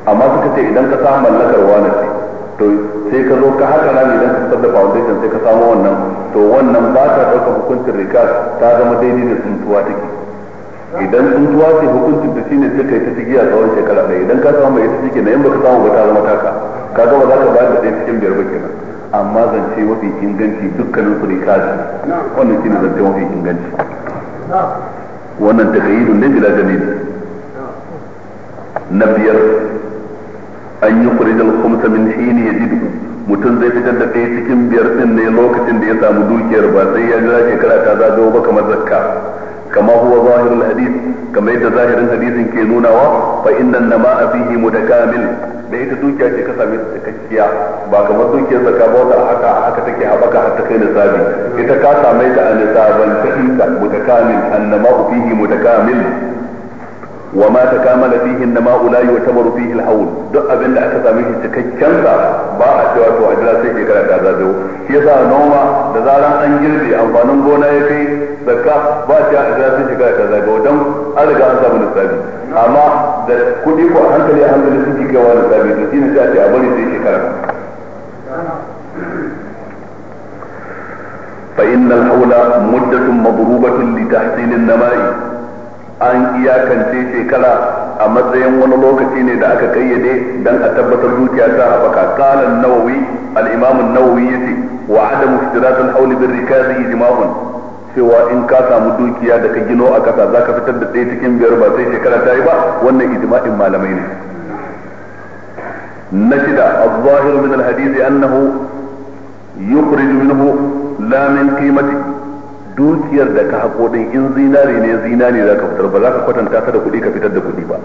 amma suka ce idan ka samu mallakar wani ce to sai ka zo ka haka rami idan ka fitar da foundation sai ka samu wannan to wannan ba ta ɗaukar hukuncin rikas ta zama daidai da tuntuwa take idan zuwa sai hukuncin ta shine sai kai ta giya tsawon shekara ɗaya idan ka samu mai ita cikin na in baka samu ba zama taka ka ga ba za ka bayar da ɗaya cikin biyar ba kenan amma zance mafi inganci dukkanin su rikaci wannan shine zance mafi inganci wannan ta takayyidun ne bila ne na biyar an yi kurijal kumsa min shine ya jidu mutum zai fitar da ɗaya cikin biyar ɗin ne lokacin da ya samu dukiyar ba sai ya jira shekara ta zagayo ba kamar zakka kamar huwa zahirin hadith kamar da zahirin hadisin ke nunawa fa innan nama'a fihi mutakamil da ita dukiya ce ka sami ta cikakkiya ba kamar dukiyar zakka ba wata a haka take haɓaka har ta kai nisabi ita ka same ta a nisabantahika mutakamil annama'u fihi wa ma takamala fihi innama ulai wa tabaru fihi alhawl duk abinda aka same shi cikakken sa ba a cewa to a jira sai shekara ta zagayo shi yasa noma da zarar an girbe amfanin gona ya kai zakka ba ta a jira sai shekara ta zagayo dan an riga an samu lissafi amma da kuɗi ko hankali a hankali suke kaiwa lissafi to shine sai a ce a bari sai shekara فإن الحول مدة مضروبة لتحصيل النماء an iyakance shekara a matsayin wani lokaci ne da aka kayyade dan a tabbatar dukiya ta haɓaka baka nawawi al-imam an-nawawi yace wa adamu istirat al-hawl bil rikazi ijma'un cewa in ka samu dukiya da ka gino a kasa zaka fitar da ɗaya cikin biyar ba sai shekara ta yi ba wannan ijma'in malamai ne na shida al-zahir min al-hadisi annahu yukhrij minhu la min qimati dukiyar da ka haƙo din in zinari ne zinari za ka fitar ba za ka kwatanta ta da kuɗi ka fitar da kuɗi ba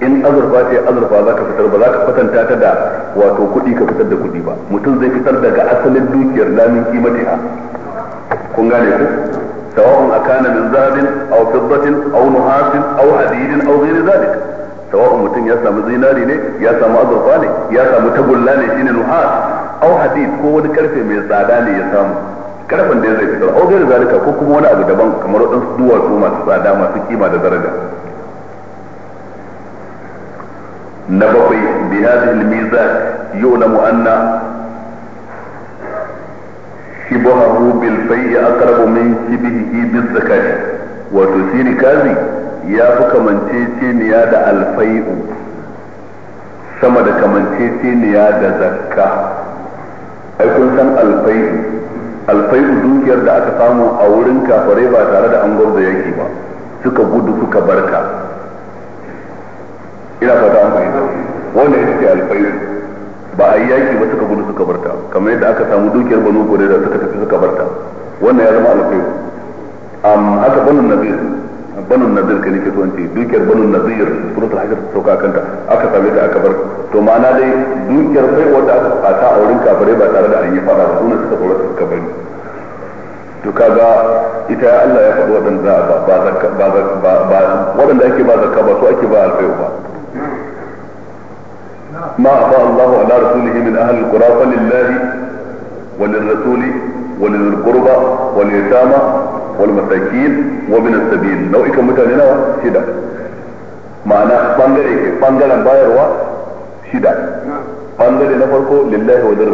in azurfa ce azurfa za ka fitar ba za ka kwatanta ta da wato kuɗi ka fitar da kuɗi ba mutum zai fitar daga asalin dukiyar lamin kimatiha kun gane ku sawa'un akana min zahabin aw fiddatin aw nuhasin aw hadidin aw ghairi zalik sawa'un mutum ya samu zinari ne ya samu azurfa ne ya samu tagulla ne shine nuhas aw hadid ko wani karfe mai tsada ne ya samu karfin da zai fitar auzai da zalika ko kuma wani abu daban kamar waɗansu duwatsu masu tsada masu kima da daraja na bakwai bi hadhihi al-mizan yu'lamu anna shibahu bil fay'i aqrabu min shibihi bil zakati wato shine kazi ya fi kamanceceniya da alfai'u sama da kamanceceniya da zakka ai kun san alfai'u alfai dukiyar da aka samu a wurin kafare ba tare da an gwabza yaki ba suka gudu suka barka ina fata an fahimta wanda ya ce alfai ba a yi yaki ba suka gudu suka barka kamar yadda aka samu dukiyar banu gore da suka tafi suka barka wannan ya zama alfai am haka banu nabi banun nadir ka nike tuwanci dukiyar banun nazir suratul hajjar ta sauka kanta aka same ta aka bar to ma'ana dai dukiyar sai wanda aka fata a wurin kafare ba tare da an yi fada ba sunan suka tsoro suka bari to kaga ita ya Allah ya faɗi waɗanda za a ba ba ba ba waɗanda ake ba zakka ba su ake ba alfayu ba ما أفاء الله على رسوله من أهل القرى فلله وللرسول ولذي القربى واليتامى wal masakin wa bin sabil nau'ikan mutane nawa shida ma'ana bangare ke bangaren bayarwa shida bangare na farko lillahi wa dar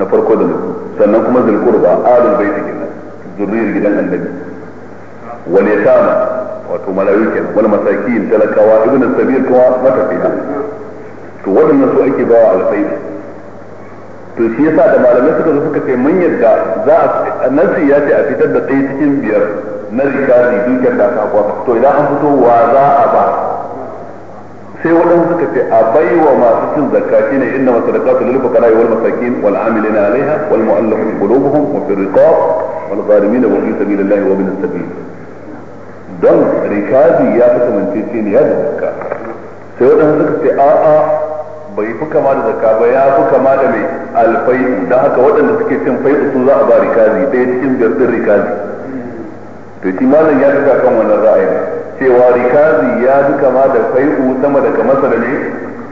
na farko da mutum sannan kuma zulqurba alul baiti kenan zurriyar gidan annabi wal yatama wato malayu kenan wal masakin talakawa ibn sabil kuma matafiya to waɗannan su ake bawa alfaidi to shi yasa da malamai suka zo suka ce mun yadda za a nasi ya ce a fitar da ɗaya cikin biyar na rikari dukiyar da aka haƙwa to idan an fito wa za a ba sai waɗansu suka ce a bai wa masu cin zakka shine inna masadaqatu lil yi wal masakin wal amilina alaiha wal mu'allafati qulubuhum wa fil riqab wal zalimin wa fi sabilillahi wa bin sabil don rikabi ya fi kamance shi ne ya da zakka sai waɗansu suka ce a'a bai fi kama da zakka ba ya fi kama da mai alfai'u don haka waɗanda suke cin fai'u sun za a ba rikazi ɗaya cikin biyar ɗin rikazi to shi malam ya duka kan wannan ra'ayin cewa rikazi ya fi kama da fai'u sama da kamar da ne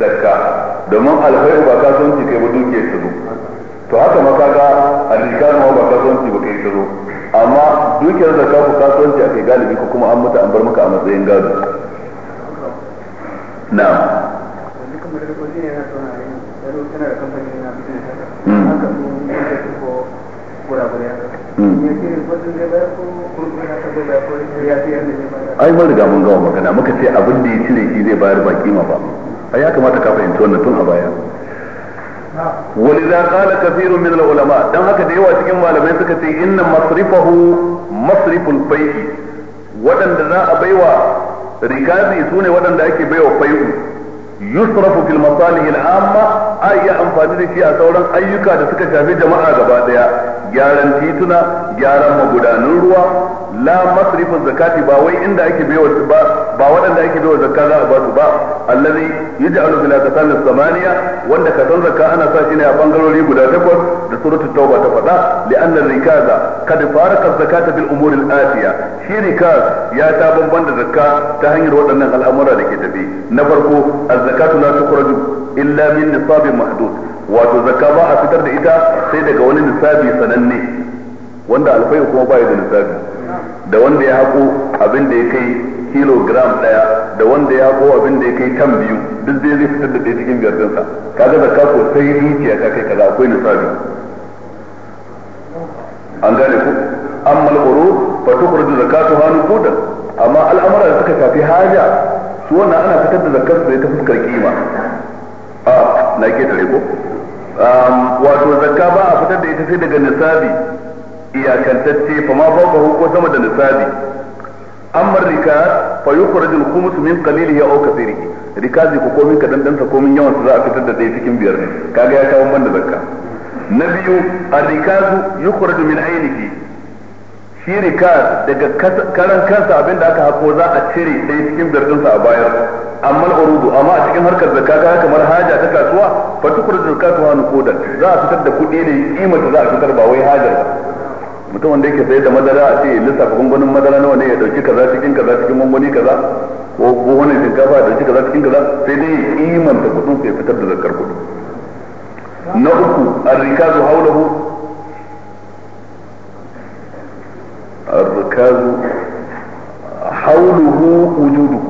zakka domin alfai'u ba kasuwanci kai ba dukiyar su zo to haka ma kaga alrikazi ma ba kasuwanci ba kai su zo amma dukiyar zakka ku kasuwanci a kai galibi ko kuma an mutu an bar maka a matsayin gado na'am ai mun riga mun gawa magana muka ce abin da ya cire shi zai bayar ba kima ba ai ya kamata ka fahimci wannan tun a baya ولذا قال كثير من العلماء dan haka da yawa cikin malamai suka ce inna masrifahu masriful fai'i wadanda za a baiwa rikazi sune wadanda ake baiwa fai'u yusrafu fil masalih al amma a iya amfani da shi a sauran ayyuka da suka shafi jama'a gaba daya gyaran tituna gyaran magudanan ruwa la masrifu zakati ba wai inda ake baiwa ba ba waɗanda ake baiwa zakka za a ba su ba allazi yaj'alu bil aqsam as-samaniya wanda kasan zakka ana sa shi ne a bangarori guda takwas suratul tauba ta faɗa anna rikaza kad faraka zakata bil umur al atiya shi rikaz ya ta bambanta zakka ta hanyar waɗannan al'amura da ke tafi na farko az-zakatu la tukhraju illa min nisabin mahdud wato zakka ba a fitar da ita sai daga wani nisabi sananne wanda alfai kuma ba da nisabi da wanda ya haƙo abin da ya kai kilogram ɗaya da wanda ya haƙo abin da ya kai kan biyu duk zai zai fitar da ɗaya cikin biyar ɗinsa kaga zakka ko sai dukiya ta kai kaza akwai nisabi an gane ku amma al-urud fa tukhruju hannu nuqudan amma al'amura da suka shafi haja su wannan ana fitar da zakar su ta fuskar kima a na ke tare ko wato zakka ba a fitar da ita sai daga nisabi iyakantacce fa ma ku ko sama da nisabi amma rika fa yukhrajul khumus min qalilihi aw kathirihi rikazi ko komin kadan dan sa komin yawan su za a fitar da dai cikin biyar ne kaga ya kawo man da zakka na biyu arrikazu yukhraju min ainihi shi rikaz daga karan kansa abinda aka hako za a cire ɗaya cikin sa a bayar amma urudu amma a cikin harkar zakka ka kamar haja ta kasuwa fa tukhraju zakatuha nuqudan za a fitar da kuɗi ne kimar za a fitar ba wai hajar ba mutum wanda yake sayar da madara a ce lissa gungunin madara nawa ne ya dauki kaza cikin kaza cikin gunguni kaza ko buhunan shinkafa ya dauki kaza cikin kaza sai dai da kuɗin sai fitar da zakkar kuɗi na uku arrikazu haulahu arrikazu hauluhu wujudu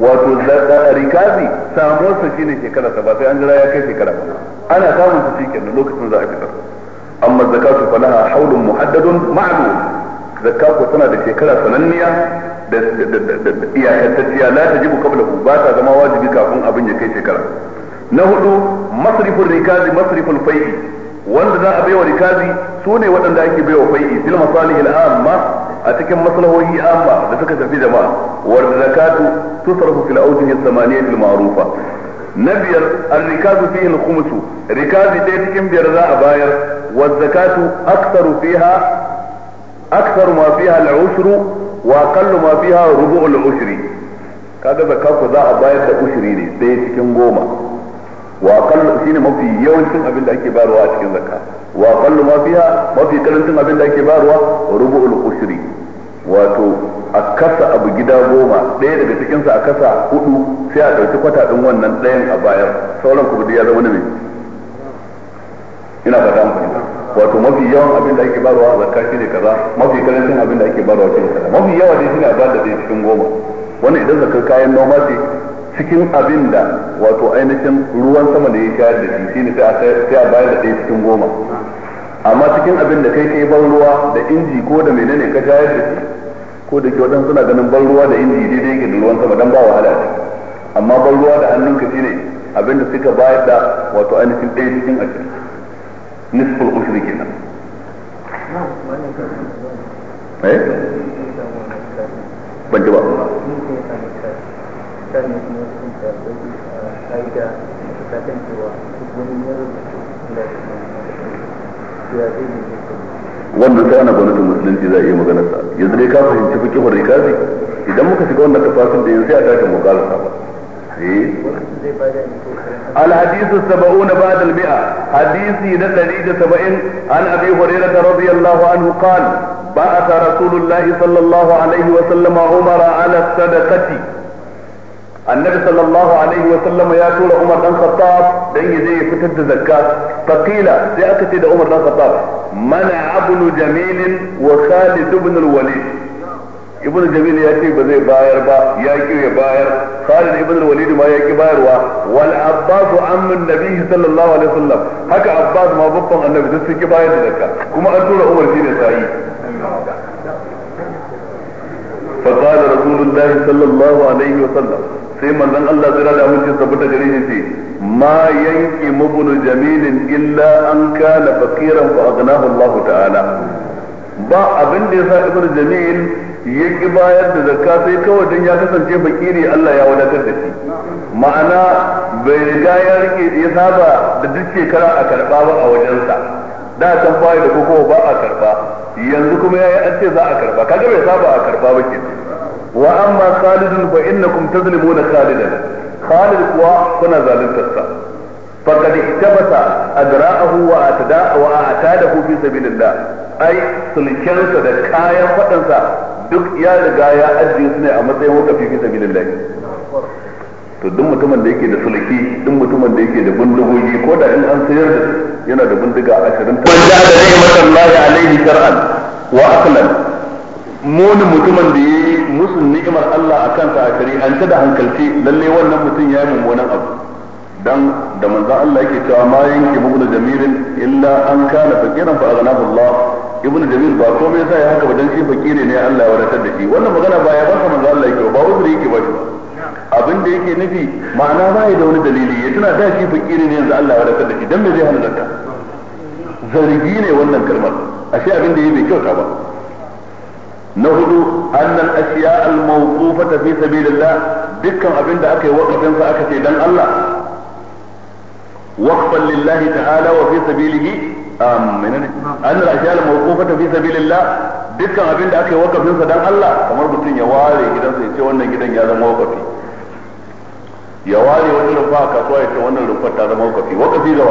wato da samuwar sa shine shekara ta ba sai an jira ya kai shekara ba ana samun su cikin lokacin za a fita amma zakatu falaha haulun muhaddadun ma'lum zakatu tana da shekara sananniya da iyakantacciya la tajibu qablahu ba ta zama wajibi kafin abin ya kai shekara na hudu masrifin rikazi masrifin fai'i wanda za a baiwa rikazi su ne waɗanda ake baiwa fai'i fil masalihil amma a cikin maslahohi amma da suka shafi jama'a war zakatu tusrafu fil awjihi thamaniyatil ma'rufa na biyar ar-rikazu fihi al-khumsu rikazi dai cikin biyar za a bayar wa zakatu aktharu fiha aktharu ma fiha al-ushru wa aqallu ma fiha rubu' al-ushri kaga zakatu za a bayar da ushri ne sai cikin goma wa kallu shine mafi yawancin abin da ake bayarwa a cikin zakka wa kallu ma fiha mafi karancin abin da ake bayarwa rubu'ul ushri wato a kasa abu gida goma ɗaya daga cikin sa a kasa hudu sai a ɗauki kwata ɗin wannan ɗayan a bayar sauran kuma ya zama na ina fata mu fahimta wato mafi yawan abin da ake barwa a zakka shine kaza mafi karancin abin da ake barwa shine kaza mafi yawa dai shine a bada da cikin goma wannan idan zakka kayan noma ce cikin abin da wato ainihin ruwan sama da ya shayar da shi shine sai a bayar da ɗaya cikin goma amma cikin abin da kai kai ban ruwa da inji ko da menene ka shayar da shi ko da ke waɗansu suna ganin ban ruwa da inji daidai yake da ruwan sama dan ba wahala ne amma ban ruwa da hannunka shine abin da suka bayar da wato ainihin ɗaya cikin ashirin nisful ushri kenan eh ban ji ba mutane kuma sun eh, haida da kan cewa wani da wannan sai ana gwamnatin musulunci za a iya maganarsa, sa yanzu dai ka fahimci fikihun rikazi idan muka shiga wannan tafasin da yanzu a tashi mu karasa eh. ba الحديث السبعون بعد المئة حديث نتريد سبعين عن أبي هريرة رضي الله عنه قال بعث رسول الله صلى الله عليه وسلم عمر على الصدقة النبي صلى الله عليه وسلم يا تورا عمر بن الخطاب دان زي يفتد زكاة فقيل سي اكتي ده عمر بن الخطاب منع ابن جميل وخالد بن الوليد ابن جميل يا ياتي بزي باير با ياكي يا باير خالد ابن الوليد ما ياكي باير وا والعباس عم النبي صلى الله عليه وسلم هكا عباس ما بطن النبي صلى الله باير زكاة كما ارتورا عمر جينا سايي فقال رسول الله صلى الله عليه وسلم sai manzon Allah zira da mutum sabuta gare shi ce ma yanki mubnu jamilin illa an kana faqiran fa aghnahu Allah ta'ala ba abin da yasa ibnu jamil ya ki bayar da zakka sai kawai dan ya kasance fakiri Allah ya wadatar da shi ma'ana bai riga ya rike ya saba da duk shekara a karba ba a wajensa da kan fa'i da ko ba a karba yanzu kuma yayi an ce za a karba kaga bai saba a karba ba kenan wa amma khalidun fa innakum tazlimuna khalidan khalid kuwa kuna zaluntar sa faqad ihtabata adra'ahu wa atada wa atadahu fi sabilillah ai sulkensa da kayan fadansa duk ya riga ya ajiye su ne a matsayin wakafi fi sabilillah to duk mutumin da yake da sulki duk mutumin da yake da bindigogi ko da in an sayar da yana da bindiga a ashirin ta wanda da zai mata Allah alaihi shar'an wa aqlan munin mutumin da ya musu ni'imar Allah a kansa a ta da hankalci lalle wannan mutum ya yi mummunan abu dan da manzon Allah yake cewa ma yanki bugu jamirin illa an kana fakiran fa aghnahu Allah ibnu jamir ba me yasa ya haka ba dan shi fakire ne Allah ya wadatar da shi wannan magana ba ya barka manzon Allah yake ba wanda yake ba abin da yake nufi ma'ana ba ya da wani dalili ya tana da shi fakire ne yanzu Allah ya wadatar da shi dan me zai hana zakka zargi ne wannan kalmar ashe abin da yake bai kyauta ba na hudu annal ashiya al mawqufata fi sabilillah dukkan abin da aka yi waqfin sa aka ce dan Allah waqfan lillahi ta'ala wa fi sabilihi menene annal ashiya al mawqufata fi sabilillah dukkan abinda aka yi waqfin sa dan Allah kamar mutum ya ware gidansa ya ce wannan gidan ya zama waqfi ya ware wani rufa a kasuwa ya ce wannan rufar ta zama waqfi waqfi da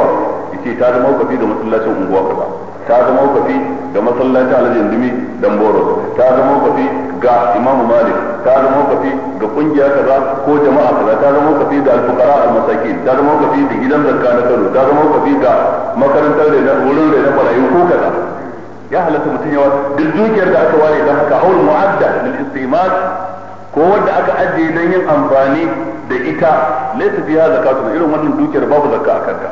ya ce ta zama waqfi ga masallacin unguwa kaza ta zama kwafi ga masallacin alajin dumi dan boro ta zama kwafi ga imamu malik ta zama kwafi ga kungiya kaza ko jama'a kaza ta zama kwafi ga alfukara al masakin ta zama kwafi da gidan zakka na kano ta zama kwafi ga makarantar da na wurin da na barayu ko kaza ya halatta mutum yawa duk dukiyar da aka ware don haka haul mu'adda lil istimad ko wanda aka ajiye don yin amfani da ita laysa fiha zakatu irin wannan dukiyar babu zakka a kanta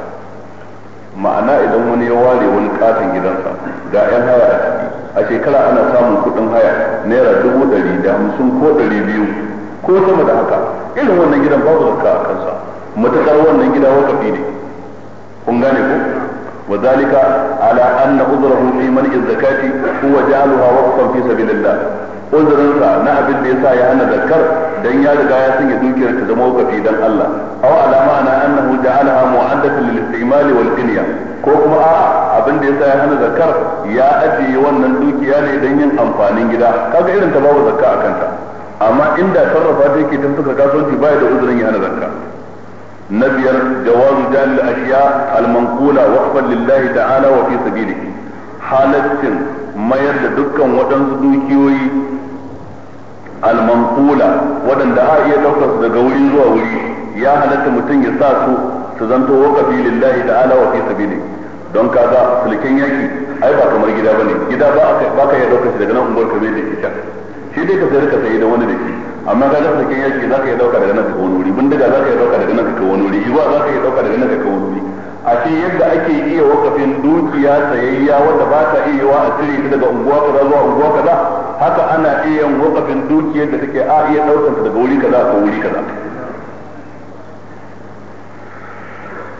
ma'ana idan wani ya ware wani katin gidansa ga 'yan haya a ciki a shekara ana samun kuɗin haya naira dubu ɗari da hamsin ko ɗari biyu ko sama da haka irin wannan gidan babu zakka a kansa matakar wannan gida wakafi ne kun gane ko وذلك على na أجره في man'i zakati, هو جعلها وقفا في سبيل da. uzurinsa na abin da yasa ya hana zakar dan ya riga ya sanya dukiyar ta zama wakafi dan Allah aw alama na annahu ja'alaha mu'addatan lil istimali wal dunya ko kuma a'a abin da yasa ya hana zakar ya ajiye wannan dukiya ne dan yin amfanin gida kaga irin ta babu zakka akan ta amma inda sarrafa ta yake tun suka kasuwanci baya da uzurin ya hana zakka na biyar jawazu jami'il ashiya al-manqula waqfan lillahi ta'ala wa fi sabilihi halaccin mayar da dukkan waɗansu dukiyoyi almankula waɗanda a iya ɗaukar su daga wuri zuwa wuri ya halatta mutum ya sa su su zanto waqafi lillahi ala wa sabi ne don kaga sulken yaki ai ba kamar gida bane gida ba ba ka iya ɗaukar shi daga nan unguwar kamar da kika shi dai ka sayar ka sayi da wani da shi amma kaga sulken yaki ka iya ɗauka daga nan ka wani wuri bindiga ka iya ɗauka daga nan ka wani wuri iwa ka iya ɗauka daga nan ka wani wuri a ce yadda ake iya wakafin dukiya sayayya wanda ba ta iya wa a cire ta daga unguwa kaza zuwa unguwa kaza haka ana iya yin wakafin dukiyar da take a iya daukar ta daga wuri kaza ko wuri kaza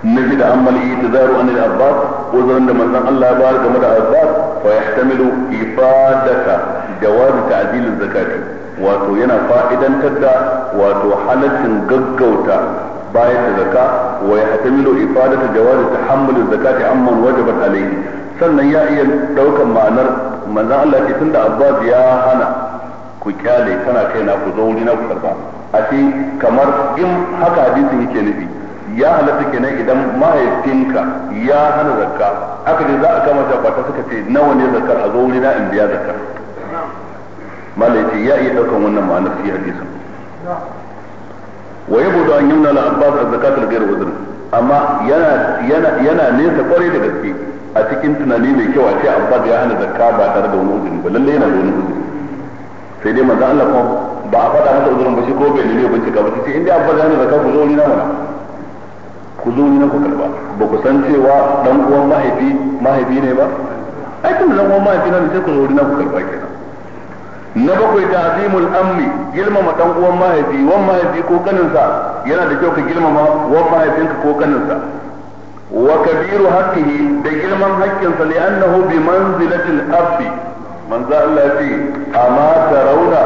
nabi da an mali itizaru an da abbas uzurin da manzon Allah ya bayar game da abbas fa yahtamilu ifadaka jawab ta'dil zakati wato yana fa'idantar da wato halaccin gaggauta bayar da zakka wa ya hatamilu ifadatu jawazi tahammulu zakati amman wajabat alayhi sannan ya iya daukan ma'anar manzon Allah ce tunda Abbas ya hana ku kyale kana na ku zo wuri na ku karba a ce kamar in haka hadisin yake nufi ya halatta kenan idan mahaifinka ya hana zakka aka ne za a kama ta kwata suka ce nawa ne zakkar a zo wuri na in biya zakkar malai ce ya iya daukan wannan ma'anar fi hadisin wa yabudu an yamna al abbas az-zakat al ghayr wazn amma yana yana yana nesa kwarai da gaske a cikin tunani mai kyau a ce abbas ya hana zaka ba tare da wani uzuri ba lallai yana da wani uzuri sai dai manzo Allah kuma ba a faɗa masa uzurin ba shi ko bai nemi bincika ba sai inda dai abbas ya hana zakka ku zo ni na mana ku zo ni na ku karba ba ku san cewa dan uwan mahaifi mahaifi ne ba ai tun dan uwan mahaifi na ne sai ku zo ni na ku karba kenan na bakwai azimul ammi girmama dan uwan mahaifi wan mahaifi ko kaninsa yana da kyau ka girmama wan mahaifinka ko kaninsa wa kabiru haqqihi da girman haƙƙinsa li'annahu bi manzilatil abdi manzo Allah ya ce amma tarawna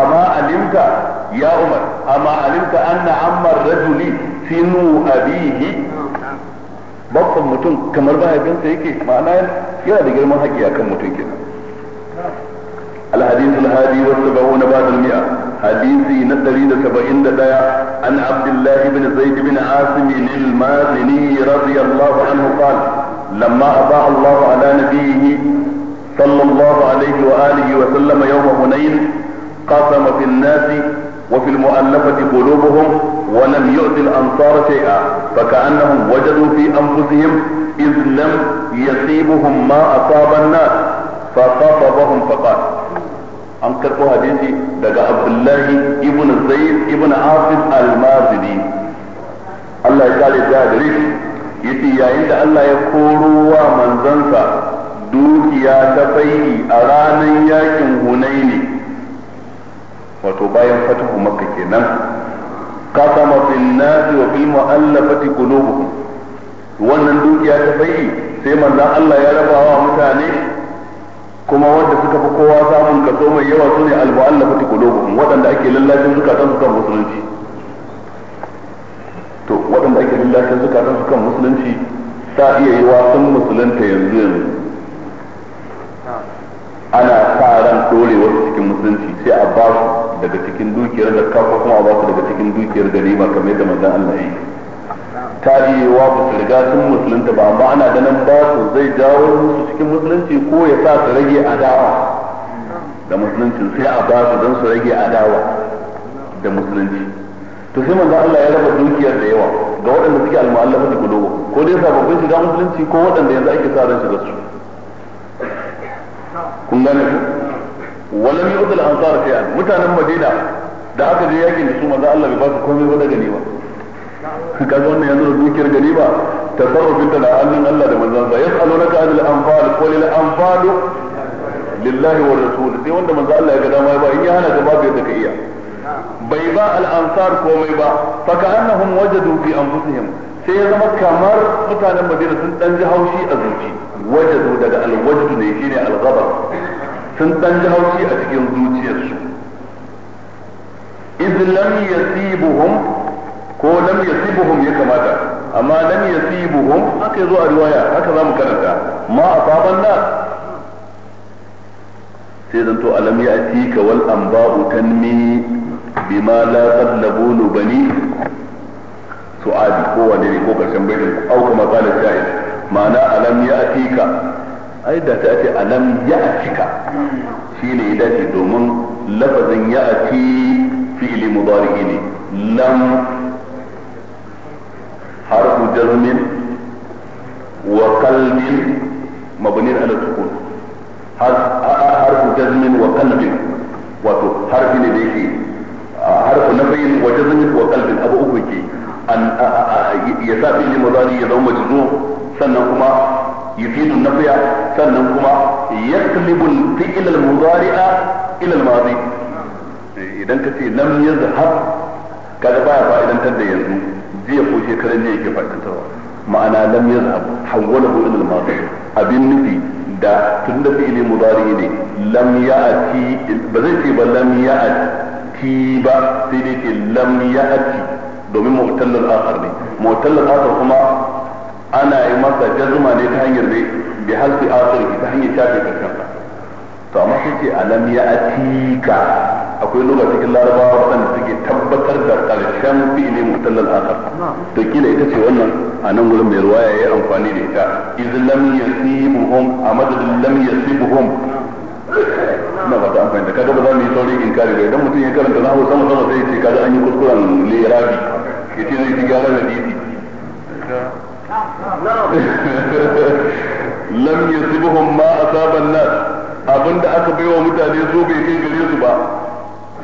amma alimta ya umar amma alimta anna amma rajuli sinu abihi babban mutum kamar mahaifinsa yake ma'ana yana da girman haƙƙi akan mutum kenan الحديث الهادي والسبعون بعد المئة حديثي نتري سبعين دايا عن عبد الله بن زيد بن عاصم المازني رضي الله عنه قال لما أضاع الله على نبيه صلى الله عليه وآله وسلم يوم هنين قسم في الناس وفي المؤلفة قلوبهم ولم يؤت الأنصار شيئا فكأنهم وجدوا في أنفسهم إذ لم يصيبهم ما أصاب الناس فخاطبهم فقال an karɓo hadisi daga abdullahi ibn zayd ibn hafiz al-mazini Allah ya kare da Rish. yace yayin da Allah ya koro wa manzansa dukiya ta fai'i a ranar yakin hunaini wato bayan fatahu makka kenan qasama fil nas wa fil mu'allafati qulubuhum wannan dukiya ta fai'i sai manzon Allah ya rabawa mutane kuma wanda suka fi kowa samun kaso mai yawa su ne almu'allafati qulubuhum waɗanda ake lallashin zukatan su kan musulunci to waɗanda ake lallashin zukatan su kan musulunci ta iya yi sun musulunta yanzu yanzu ana sa ran wasu cikin musulunci sai a ba su daga cikin dukiyar da kafa kuma a ba su daga cikin dukiyar ganima kamar yadda manzon Allah ya yi ta wa ba su riga sun musulunta ba amma ana ganin ba su zai jawo musu cikin musulunci ko ya sa su rage adawa da musuluncin sai a ba su don su rage adawa da musulunci to sai manzo Allah ya raba dukiyar da yawa ga waɗanda suke almu'allafa da kulubu ko dai sababbin shiga musulunci ko waɗanda yanzu ake sa ran shiga su kun gane ku walam yu'til ansar shay'an mutanen Madina da aka je yakin da su manzo Allah bai ba su komai ba daga ne ba to kaga wannan yanzu da dukiyar ganima tasarrufin ta da annan Allah da manzon sa yas'alunaka anil anfal qul lil anfal lillahi wa rasul sai wanda manzo Allah ya ga dama ba in ya hana ka babu yadda ka iya bai ba al ansar komai ba fa ka annahum wajadu fi anfusihim sai ya zama kamar mutanen Madina sun dan ji haushi a zuci wajadu daga al wajdu ne shine al ghadab sun dan ji haushi a cikin zuciyarsu idh lam yasibuhum ko lam yasibuhum ya kamata amma lam yasibuhum haka yazo a riwaya haka zamu karanta ma a asaban nas sai zanto alam ya'tika wal anba'u tanmi bima la qadlabu lubani su'adi ko wanda ne ko karshen baitin au kuma qala sha'ir ma'ana alam ya'tika ai da ta ce alam shi ne ya dace domin lafazin ya'ti fi'li mudari ne lam harfu jazmin wa kalbin mabnin ala sukun harfu jazmin wa kalbin wato harfi ne da yake harfu nafiyin wa jazmin wa kalbin abu uku ke ya sa fi'li ya zama majzum sannan kuma yufidu nafiya sannan kuma yaklibu fi'l al idan kaga baya fa'idantar da yanzu jiya ko shekaran ne yake faɗantarwa ma'ana lam yazhab hawwalahu ila al-madi abin nufi da tun da fi'ili mudari ne lam ya'ati ba zai ce ba lam ya'ati ba sai dai ce lam ya'ati domin mu'tallal akhar ne mu'tallal akhar kuma ana yi masa jazma ne ta hanyar ne bi halfi akhar ta hanyar shafe karshen to amma sai ce alam ya atika akwai lura cikin larabawa waɗanda suke tabbatar da ƙarshen fi'ilin mutallal akar to kila ita ce wannan a nan gurin mai ruwaya ya yi amfani da ita iz lam yasibuhum a madadin lam yasibuhum na ba ta amfani da kaga ba za mu yi saurin inkari ba idan mutum ya karanta na hau sama sama sai ce kaga an yi kuskuren lirabi ya ce zai ci gyara da didi lam yasibuhum ma asaban nas abinda aka baiwa mutane su bai kai gare su ba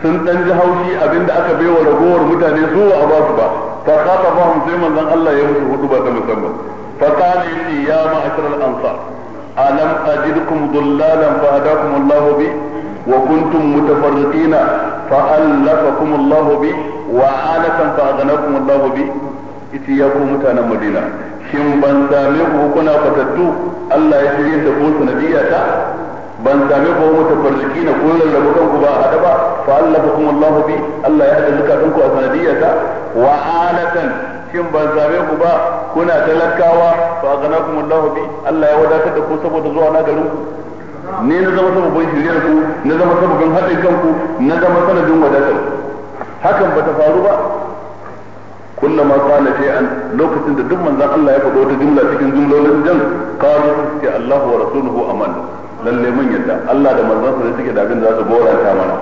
sun dan ji haushi abinda aka baiwa ragowar mutane su ba a ba su ba fa kafa fahim sai manzon Allah ya musu hudu ba ta musamman fa kana yace ya ma'asharal ansar alam ajidkum dullalan fa hadakum Allah bi wa kuntum mutafarriqina fa allafakum Allah bi wa alatan fa aghnakum Allah bi ita ya ku mutanen Madina shin ban same ku kuna fatattu Allah ya shirye da ku sanadiyata ban same ku mu tafarriki na kun da kanku ba a hada ba fa Allah kuma Allah bi Allah ya hada zakatun ku a sanadiyata wa alatan shin ban same ku ba kuna talakawa fa aghnakum Allah bi Allah ya wadatar da ku saboda zuwa na garin ku ne na zama sababin shiryar ku na zama sababin haɗin kanku na zama sanadin wadatar hakan ba ta faru ba ma qala shay'an lokacin da duk manzon Allah ya faɗo wata jumla cikin jumlolin jan qalu ya Allah wa rasuluhu aman lalle mun yadda Allah da manzansa ne suke da abin da za su goranta mana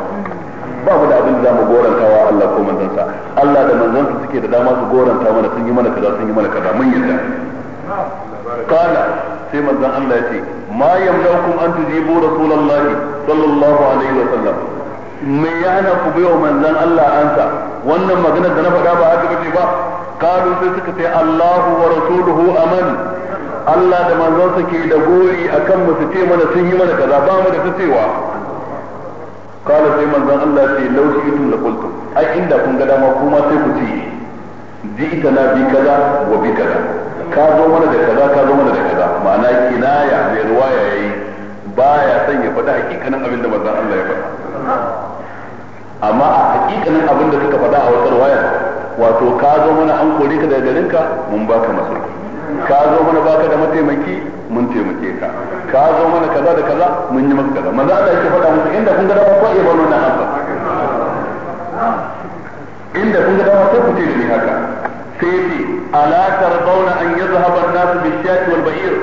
ba mu da abin da za mu goranta wa Allah ko manzansa Allah da manzansa suke da dama su goranta mana sun yi mana kaza sun yi mana kaza mun yadda kala sai manzon Allah ya ce ma yamlaukum an tujibu rasulullahi sallallahu alaihi wa sallam me ya hana ku bai wa manzon Allah ansa wannan magana da na faɗa ba haka bace ba kalu sai suka ce Allahu wa rasuluhu aman Allah da manzonsa ke da gori a kan mu su ce mana sun yi mana kaza ba mu da ta cewa kala sai manzon Allah ce laushi itun da kultum ai inda kun ga dama kuma sai ku ce ji ita na bi kaza wa bi kaza ka zo mana da kaza ka zo mana da kaza ma'ana kinaya mai ruwaya yayi baya san ya faɗa hakikanin abin da manzon Allah ya faɗa amma a hakikanin abin da suka faɗa a wata ruwaya wato ka zo mana an kore ka daga garinka mun baka masauki ka zo mana baka da mataimaki mun taimake ka ka zo mana kaza da kaza mun yi maka kaza maza Allah yake faɗa musu inda kun ga dama ko ibanu na haka inda kun ga dama sai ku ce shi haka sai yace ala tarbauna an yadhhaba an-nas bi-shati wal-ba'ir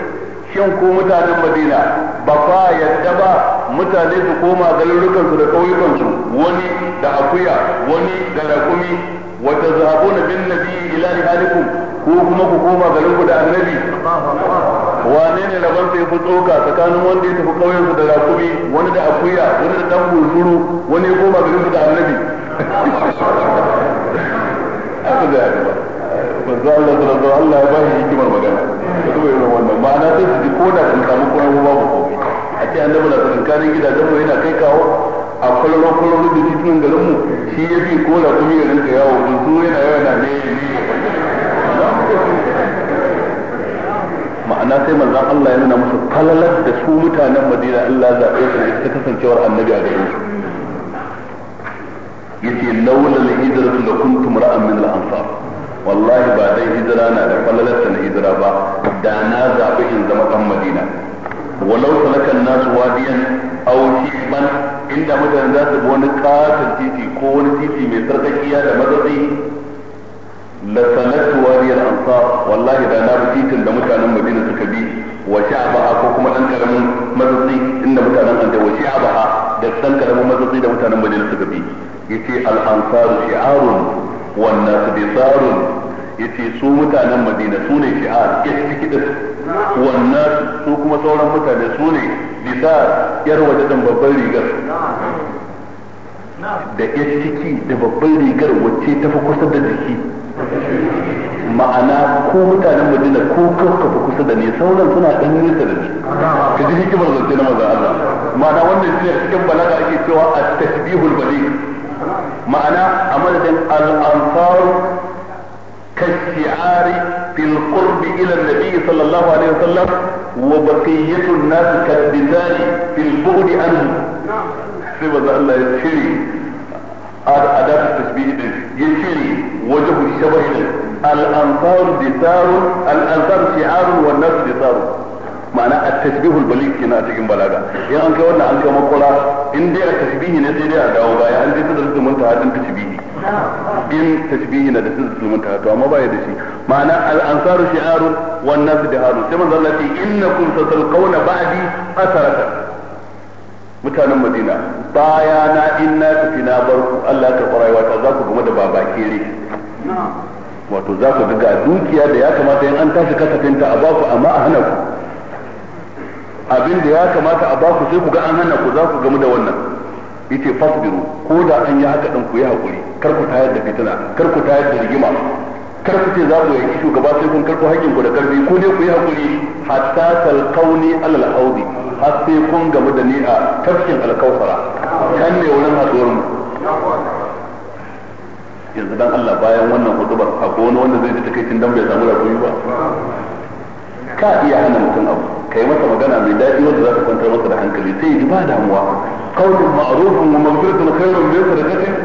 shin ko mutanen Madina ba fa yadda ba mutane su koma garurukan su da kauyukan su wani da akuya wani da rakumi wa tazhabuna bin nabi ila rihalikum ko kuma ku koma garin ku da annabi wane ne rabon sai fi tsoka tsakanin wanda ya tafi kauyen su da rakumi wani da akuya wani da dan bunsuru wani ya koma garin ku da annabi haka da ba manzo Allah sallallahu alaihi Allah ya ba shi hikimar magana kuma irin wannan ma'ana sai su ji ko da sun samu kuma ba ku a ce annabi na tsakankanin gidajen mu yana kai kawo a kwallon kwallon da garin mu shi ya fi kola kuma ya rinka yawo bunsuru yana yawa na ne ne ma'ana sai manzan Allah ya nuna musu falalar da su mutanen Madina Allah a su ta kasancewar annabi a gari. su yace laula al-hijratu la kuntum ra'an min al wallahi ba dai hijira na da falalar na hijira ba da na zaɓi in zama kan Madina walau talakan nasu wadiyan aw shiban inda mutane za su bi wani katon titi ko wani titi mai sarkakiya da madadi lasanatu wariyar ansar wallahi da na titin da mutanen madina suka bi wa sha'abaha ko kuma dan karamin matsatsi inda mutanen anda wa sha'abaha da dan karamin matsatsi da mutanen madina suka bi yace al ansar shi'arun wan nas bisarun yace su mutanen madina su ne shi'ar kitkidis wan nas su kuma sauran mutane su ne bisar yar waje babban rigar da yaskiki da babban rigar wacce ta fi kusa da jiki ma'ana ko mutanen madina ko kafa kusa da ni sauran suna ɗan nesa da ni ka ji hikimar zance na maza Allah ma'ana wannan shi ne cikin balaga ake cewa a tasbihul bali ma'ana a madadin al-ansar kashi'ari fil qurbi ila nabi sallallahu alaihi wasallam wa baqiyatu an-nas kadbizali fil bughdi anhu sai maza Allah ya shiri أداة التشبيه دي يشيل وجه الشبه الأنصار دثار الأنصار شعار والناس دثار ma'ana a tasbihul balik kina cikin balaga in an kai wannan an kai makwala in dai a tasbihi ne sai dai a dawo baya an dai sadar zumun ta hadin tasbihi in tasbihi na da sadar zumun ta to amma baya da shi ma'ana al ansaru shi'arun wan nasu diharun sai manzo Allah ya ce innakum satalqawna ba'di asaratan mutanen madina baya na in na tafi na bar ku Allah ya karɓi wata za ku gama da baba ne. wato za ku ga dukiya da ya kamata in an tashi kasafinta a baku amma a hana ku abin da ya kamata a baku sai ku ga an hana ku za ku gama da wannan yace fasbiru ko da an yi haka din ku yi hakuri kar ku tayar da fitina kar ku tayar da rigima kar ku ce za ku yi shugaba sai kun karɓo hakkin ku da karfi ko dai ku yi hakuri hatta talqauni alal audi har sai kun gamu da ni a tafkin alkawfara kan ne wurin haɗuwar mu yanzu dan Allah bayan wannan hudubar a wani wanda zai ji takaicin dan bai samu rabuwa ba ka iya hana mutum abu kai masa magana mai daɗi wanda za ka kwantar masa da hankali sai ji ba damuwa qaulun ma'rufun wa maghfiratun khairun min sadaqatin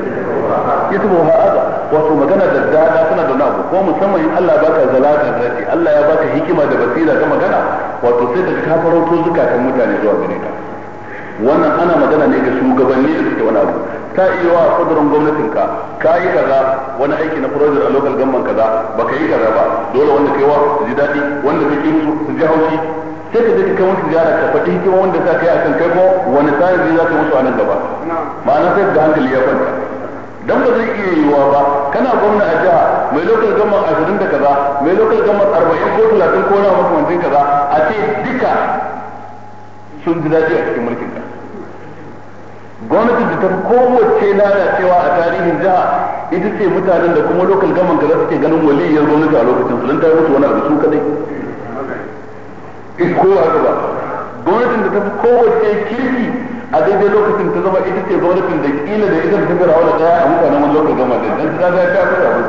yatbuha adha wato magana da dada tana da nabu ko musamman in Allah baka zalatan rati Allah ya baka hikima da basira ta magana wato sai daga ka farauto zukatan mutane zuwa gare ka wannan ana magana ne ga shugabanni da suke wani abu ta iya wa kudurin gwamnatin ka ka yi kaza wani aiki na project a local government kaza ba yi kaza ba dole wanda kai wa su ji daɗi wanda ka su su ji haushi sai ka dace ka kai musu ziyara ka faɗi hikima wanda za ka yi kan kai ko wani tsarin zai za ka musu a nan gaba ma'ana sai da hankali ya kwanta dan ba zai iya yiwuwa ba kana gwamna a jiha mai lokacin gama ashirin da kaza mai lokacin gama arba'in ko talatin ko na makamancin kaza a ce duka sun ji daji a cikin mulkin ka gwamnati da ta kowace lalacewa a tarihin jiha ita ce mutanen da kuma lokacin gama kaza suke ganin waliyyar gwamnati a lokacin su dan ta mutu wani abu su kadai ko haka ba gwamnatin da ta fi kowace kirki a daidai lokacin ta zama ita ce gwamnatin da kila da ita ta gara wani daya a mutanen wani lokacin gama din dan ta ga ta fara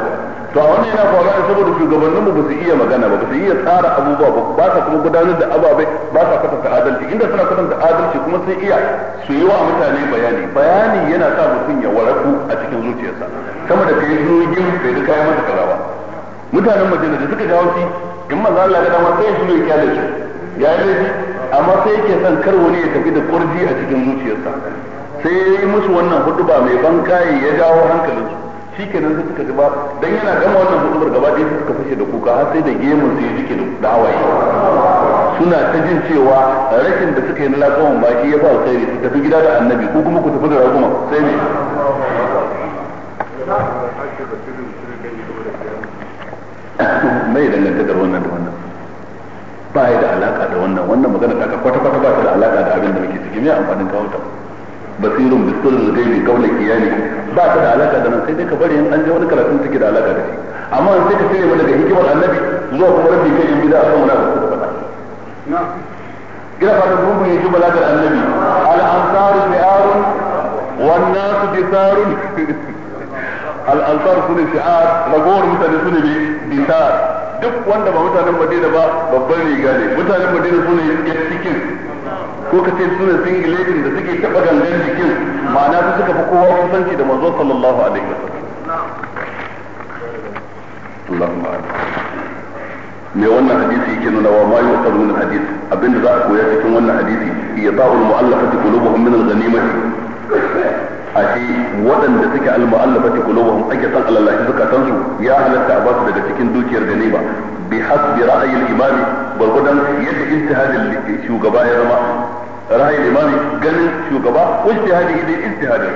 to a wannan yana faruwa ne saboda shugabannin mu ba su iya magana ba ba su iya tsara abubuwa ba ba sa kuma gudanar da ababai ba sa ta adalci inda suna ta adalci kuma sai iya su yi wa mutane bayani bayani yana sa mutum ya waraku a cikin zuciyarsa sama da kai zogin bai da kayan masa kaza ba mutanen majalisa da suka jawo shi in manzo Allah ya dama sai shi ne kyale su ya yi amma sai yake son kar wani ya tafi da kurji a cikin zuciyarsa sai ya yi musu wannan huduba mai ban kayi ya jawo hankalinsu shi kenan sai suka ba dan yana gama wannan hudubar gaba ɗaya suka fashe da kuka har sai da gemun su ya jike da hawaye suna ta jin cewa rashin da suka yi na lakawan baki ya ba sai su tafi gida da annabi ko kuma ku tafi da raguma sai ne mai dangantakar wannan da ba ya da alaka da wannan wannan magana ta kwata kwata ba ta da alaka da abin da muke ciki me amfanin kawo ta basirun bisirul gaibi kaula kiyani ba ta da alaka da nan sai dai ka bari in an je wani karatun take da alaka da shi amma sai ka tsaye daga hikimar annabi zuwa kuma rabbi kai in bida akan wani abu da faɗa ina fata mun mun yi balagar annabi al ansaru mi'arun wan nasu bisarun al ansaru sune shi'ar ragowar mutane sune bisar duk wanda ba mutanen madina ba babban riga ne mutanen madina sune yan cikin ko ka ce sune singulatin da suke taba gangan jikin ma'ana su suka fi kowa kusanci da mazo sallallahu alaihi wa sallam me wannan hadisi yake nuna wa ma yusaru hadisi hadis abinda za a koya cikin wannan hadisi ya ta'ul mu'allafati qulubuhum min al-ghanimati Ashe waɗanda suke al-mu'allafati qulubuhum ake san alallahi zakatan su ya halatta a basu daga cikin dukiyar ganima bi hasbi ra'ayil imami gurgudan yadda ijtihadin shugaba ya zama ra'ayil imami ganin shugaba ijtihadi idan ijtihadin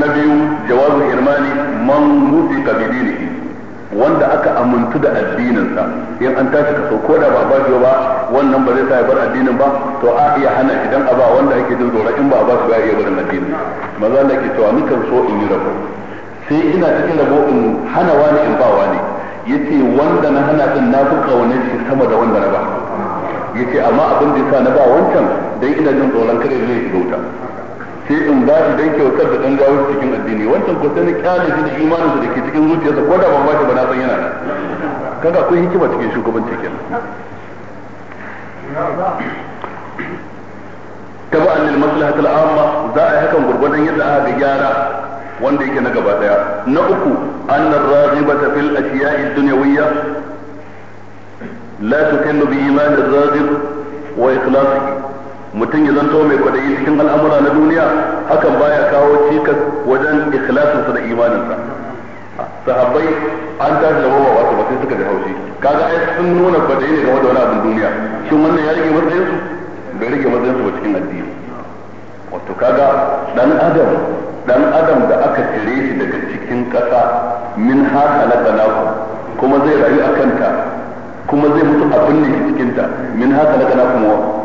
na biyu jawazu irmani man nufi bi dinihi wanda aka amintu da addininsa in an tashi kaso ko da ba bashi ba wannan ba zai sa ya bar addinin ba to a iya hana idan a ba wanda ake jin tsoro in ba a ba ya iya barin addinin maza Allah ke cewa nukan so in yi rabo sai ina cikin rabo in hana wani in ba wani yace wanda na hana din na fi kaunar shi sama da wanda na ba yace amma abin da yasa na ba wancan dan ina jin tsoron kare zai shiga wuta sai in ba shi dan kyautar da dan gawo cikin addini wancan ko sai na kyale shi da imanin da ke cikin zuciyarsa ko da ban ba shi ba na san yana kaga akwai hikima cikin shugabanci kenan taba'an lil maslahatil amma za a yi hakan gurgurdan yadda aka ga gyara wanda yake na gaba daya na uku annar raghibata fil ashiya'i dunyawiyya la tukallu bi iman ar-raghib wa ikhlasihi mutum ya zanto mai kwadayi cikin al'amura na duniya hakan baya kawo cikas wajen ikhlasinsa da imaninsa sahabbai an tashi da bawa wasu sai suka ji haushi kaga ai sun nuna kwadayi ne game da wani abin duniya shin wannan ya rage matsayin su bai rage matsayin su ba cikin addini wato kaga dan adam dan adam da aka cire shi daga cikin kasa min haka laqanahu kuma zai rayu akan ta kuma zai mutu abin ne cikin ta min haka mawa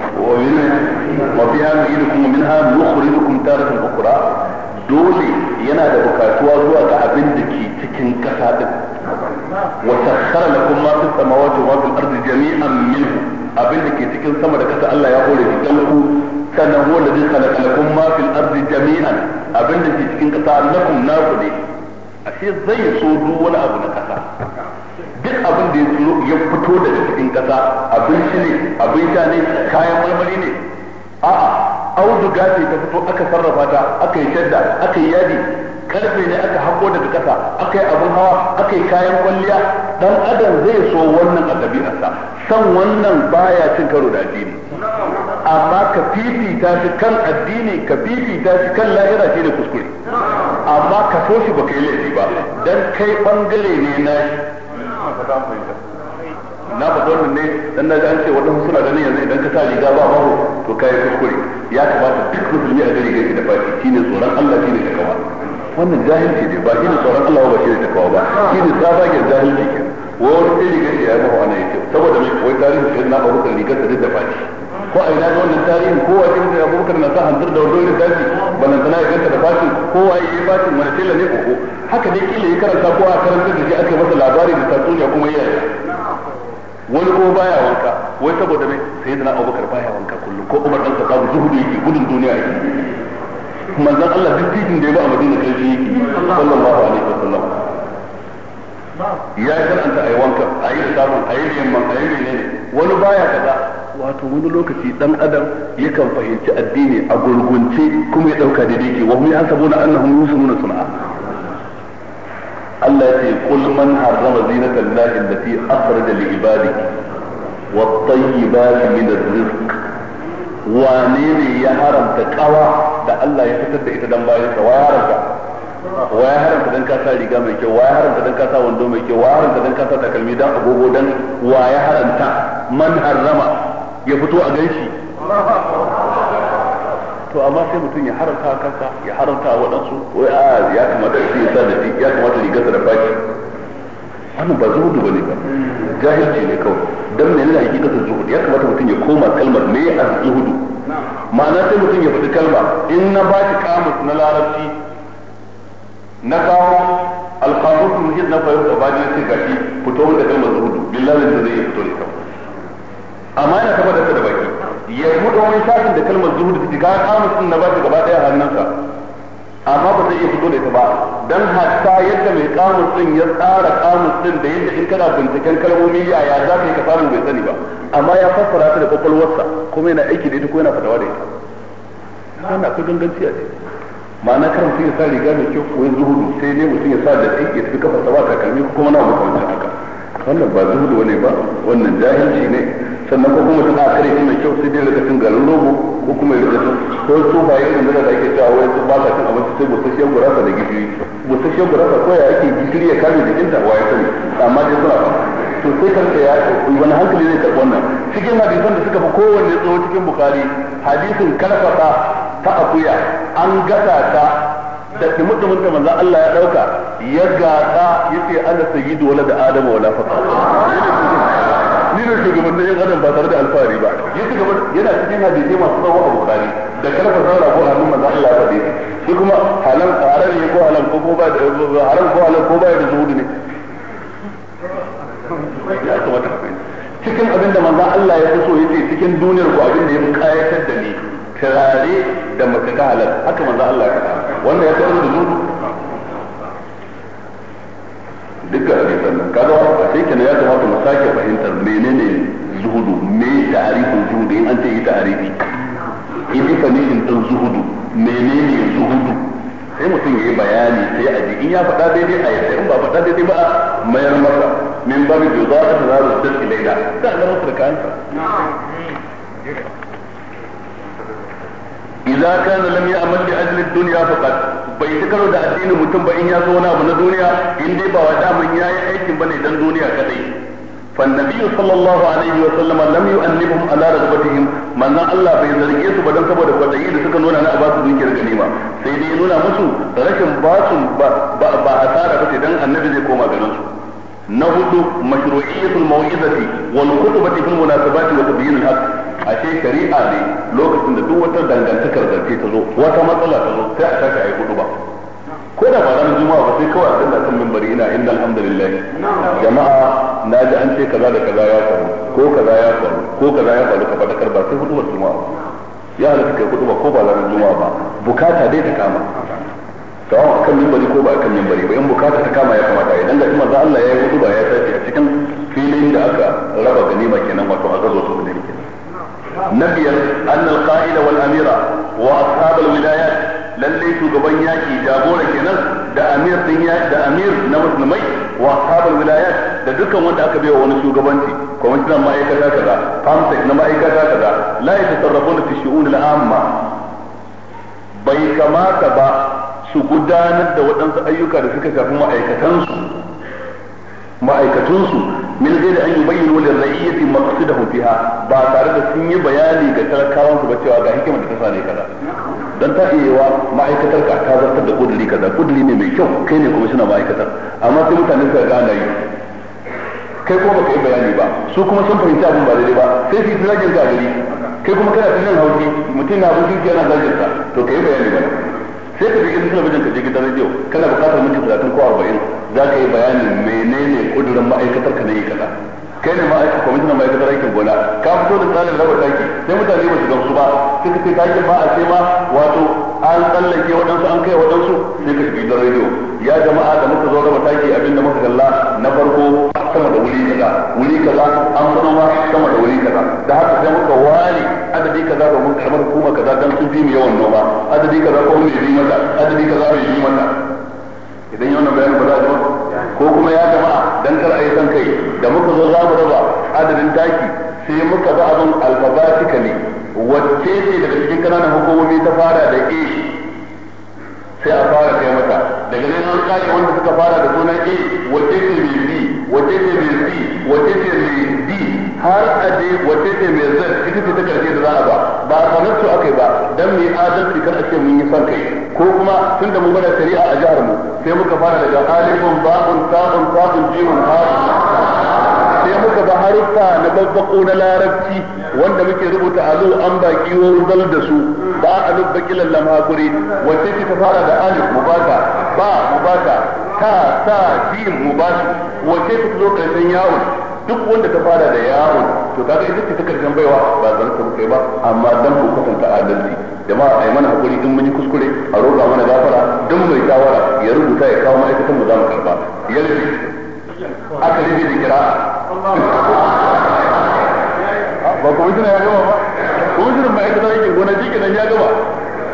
وفيها نعيدكم ومنها نخرجكم تارة أخرى dole yana da bukatuwa zuwa ga abin da ke cikin kasa din wa sakhara lakum ma fis samawati wa fil ardi jami'an minhu abin da ke cikin sama da kasa Allah ya hore shi dan ku sannan huwa alladhi khalaqa lakum ma fil jami'an abin da ke cikin zai so duk wani abu na kasa duk abin da ya fito daga cikin ƙasa abinci ne abin sha ne kayan marmari ne a'a auduga ce ta fito aka sarrafa ta aka yi shadda aka yi yadi karfe ne aka hako daga ƙasa aka yi abin hawa aka yi kayan kwalliya dan adam zai so wannan a ɗabi'arsa san wannan baya cin karo da addini amma ka fifita shi kan addini ka fifita shi kan lahira shi ne kuskure amma ka so shi baka yi laifi ba dan kai bangare ne na shi na faɗa wannan ne dan na an ce wadansu suna ganin yanzu idan ka sa riga ba babu to kai kuskure ya kamata duk musulmi a gari gari da fati shine tsoron Allah shine kawa wannan jahilci ne ba shine tsoron Allah ba shine kawa ba shine tsabagen jahilci ke wani sai riga ya yi mawa ana yake saboda mai wai tarihi shi na abu rigar da da fati ko a ina ga wannan tarihin ko wa ibnu abubakar na sa hanzar da wannan littafi balan tana ya ganta da fatin ko a yi fatin wani tilla ne ko haka dai kila ya karanta ko a karanta da shi aka masa labari da tatsuniya kuma yaya wani ko baya wanka wai saboda mai na abubakar baya wanka kullum ko umar dan sabu zuhudu yake gudun duniya yake manzon Allah duk titin da ya ba a Madina kai yake sallallahu alaihi wasallam ya shar'anta a yi wanka, a yi samun a yi yamman a yi menene wani baya kaza wato wani lokaci dan adam yakan fahimci addini a gurgunce kuma ya dauka da ke wa ya hum na annahum yusununa sun'a Allah ya ce kul man harrama zinata allahi allati akhraja li ibadihi wat-tayyibati min ar-rizq wane ne ya haramta kawa da Allah ya fitar da ita dan bayan sa wa haramta wa ya haramta dan kasa riga mai kyau wa ya haramta dan kasa wando mai kyau wa ya haramta dan kasa takalmi dan agogo dan wa ya haramta man harrama ya fito a ganshi to amma sai mutum ya haramta kansa ya haramta waɗansu wai a ya kamata shi ya sa da shi ya kamata rigarsa da baki wannan ba zuhudu bane ba jahilci ne kawai dan menene hakikatin zuhudu ya kamata mutum ya koma kalmar me a zuhudu ma'ana sai mutum ya fita kalma in na ba ki kamus na larabci na kawo alfazu sun hid na fayar da bani sai gashi fito da kalmar zuhudu billahi da zai fito da amma yana tabbatar da baki ya buɗe wani shafin da kalmar zuhudu da ga kamusin na bashi gaba daya hannunsa amma ba zai iya fito da ita ba dan hatta yadda mai kamus ya tsara kamus da yadda in kana binciken kalmomi ya za ka yi ka samu bai sani ba amma ya fassara ta da kwakwalwarsa kuma yana aiki da ita ko yana fadawa da ita wannan akwai ganganci a ciki ma'ana kar mutum ya sa riga mai kyau ko zuhudu sai dai mutum ya sa da kai ya tafi kafa ba takalmi ko kuma wani makamancin haka wannan ba zuhudu wani ba wannan jahilci ne sannan ko kuma tana kare shi mai kyau sai dai daga cin garin rogo ko kuma rika cin ko su ba yi yin da ake cewa wai sun ba sa cin abinci sai busasshen gurasa da gishiri busasshen gurasa ko ya ake gishiri ya jikin jikinta wa ya sani amma dai suna ba to sai karka ya wani hankali zai karɓi wannan cikin hadisan da suka fi kowanne tsawo cikin bukari hadisin karfafa ta akuya an gasa ta da mutumin da manzo Allah ya dauka ya gasa yace ana sayyidu wala da Adama wala fata ni ne shugaban da ya adam ba tare da alfahari ba yace gaba yana cikin hadisi masu tsawo a bukari da karfa saura ko hannun manzo Allah ya fade shi kuma halan haram ne ko halan ko ba da haram ko halan ko ba da zuhudu ne cikin abin da manzo Allah ya so yace cikin duniyar ku abin da ya kayatar da ni turare da mace ta halal haka manzo Allah ya faɗa wanda ya kawo zunubi dukkan hadisan nan kaga a sai kenan ya kamata mu sake fahimtar menene zuhudu me ta'arifin zuhudu in an ce yi ta'arifi in ita ne in zuhudu menene zuhudu sai mutum ya yi bayani sai a ji in ya faɗa daidai a yadda in ba faɗa daidai ba a mayar masa min babu jaza'a ta zaru da ilaida da Allah musulkansa idza kana lam ya'mal bi ajli dunya faqat bai yi da addinin mutum ba in ya zo na abu na duniya in dai ba wa daman yayi aikin bane dan duniya kadai فالنبي صلى الله عليه وسلم لم يؤنبهم على رغبتهم manna allah bai zarge su ba dan saboda kwadayi da suka nuna na ba su dukiyar ba sai dai nuna musu rashin ba su ba ba asara ba dan annabi zai koma garin su na hudu mashru'iyyatul mau'izati wal khutbati fil munasabati wa tabyin al haqq Ashe ce shari'a ne lokacin da duk wata dangantakar zance ta zo wata matsala ta zo sai a tashi a yi hudu ba ko da ba ranar juma'a ba sai kawai a dinga kan mimbari ina inda alhamdulillah jama'a na ji an ce kaza da kaza ya faru ko kaza ya faru ko kaza ya faru ka fadakar ba sai hudu ba juma'a ya halatta kai hudu ba ko ba ranar juma'a ba bukata dai ta kama sawa akan mimbari ko ba a kan mimbari ba in bukata ta kama ya kamata idan da kuma za Allah ya yi hudu ba ya tashi a cikin filin da aka raba ganima kenan wato a gazo to ne kenan نبيا أن القائد والأمير وأصحاب الولايات lallai shugaban yaƙi jagora da amir din da amir na musulmai wa ashabul wilayat da dukkan wanda aka baiwa wani shugabanci kwamishinan ma'aikata kaza famsek na ma'aikata kaza la yatasarrafuna fi shu'un al-amma bai kamata ba su gudanar da waɗansu ayyuka da suka shafi ma'aikatansu ma'aikatunsu min ghairi an yubayyinu lil ra'iyyati maqsadahu fiha ba tare da sun yi bayani ga talakawan su ba cewa ga hikimar da ta sa ne kaza dan ta iya yawa ma'aikatar ka ta zartar da kudiri kaza kudiri ne mai kyau kai ne kuma suna ma'aikatar amma sai mutane suka ga ana yi kai kuma baka yi bayani ba su kuma sun fahimci abin ba daidai ba sai su yi zagin ka gari kai kuma kana tunan haushi mutum na abin kinki yana zagin ka yi bayani ba sai ka je gidan talabijin ka je gidan rediyo kana bukatar mutum talatin ko arba'in za ka yi bayanin menene kudurin ma'aikatar ka na yi kaza kai ne ma'aikatar kwamishinan ma'aikatar aikin gona ka fito da tsarin raba taki sai mutane ba su gamsu ba sai ka ce takin ba a ce ma wato an tsallake waɗansu an kai waɗansu sai ka shiga gidan rediyo ya jama'a da muka zo raba taki abinda muka kalla na farko sama da wuri kaza wuri kaza an fado ma sama da wuri kaza da haka sai muka ware adadi kaza domin karamar hukuma kaza dan sun fi mu yawan noma adadi kaza ko mai bi mata adadi kaza mai bi mata idan yau na bayanin ba za a ji ko kuma ya jama'a dan kar a yi san kai da muka zo za mu raba adadin taki sai muka ba abin alfabatika ne wacce ce daga cikin kananan hukumomi ta fara da a sai a fara kai mata daga nan an kare wanda suka fara da sunan a wacce ce mai b wacce ce mai c wacce ce mai d har a je wace ce mai zai ita ce ta karshe da za a ba ba a su aka yi ba don mai adalci kar a ce mun yi son kai ko kuma tun da mun gwada shari'a a jihar mu sai muka fara daga alifun ba'un ta'un ta'un jimin ha'un sai muka ba haruffa na babbako na larabci wanda muke rubuta alu an baki ruzal da su ba a lubba kilan lamakuri wace ce ta fara da alif mu ba ba ta ta jim mubata wacce ta zo karshen yawon duk wanda ta fara da yaro to kaga ita ce ta karshen baiwa ba zan ta kai ba amma dan ku kwatanta adalci jama'a ai mana hakuri in mun yi kuskure a roƙa mana gafara dan mai shawara ya rubuta ya kawo ma'aikatan mu za mu karba yanzu aka rufe da kira ba ku kwamishina ya gama ba kwamishinan ma'aikata yake gona shi kenan ya gaba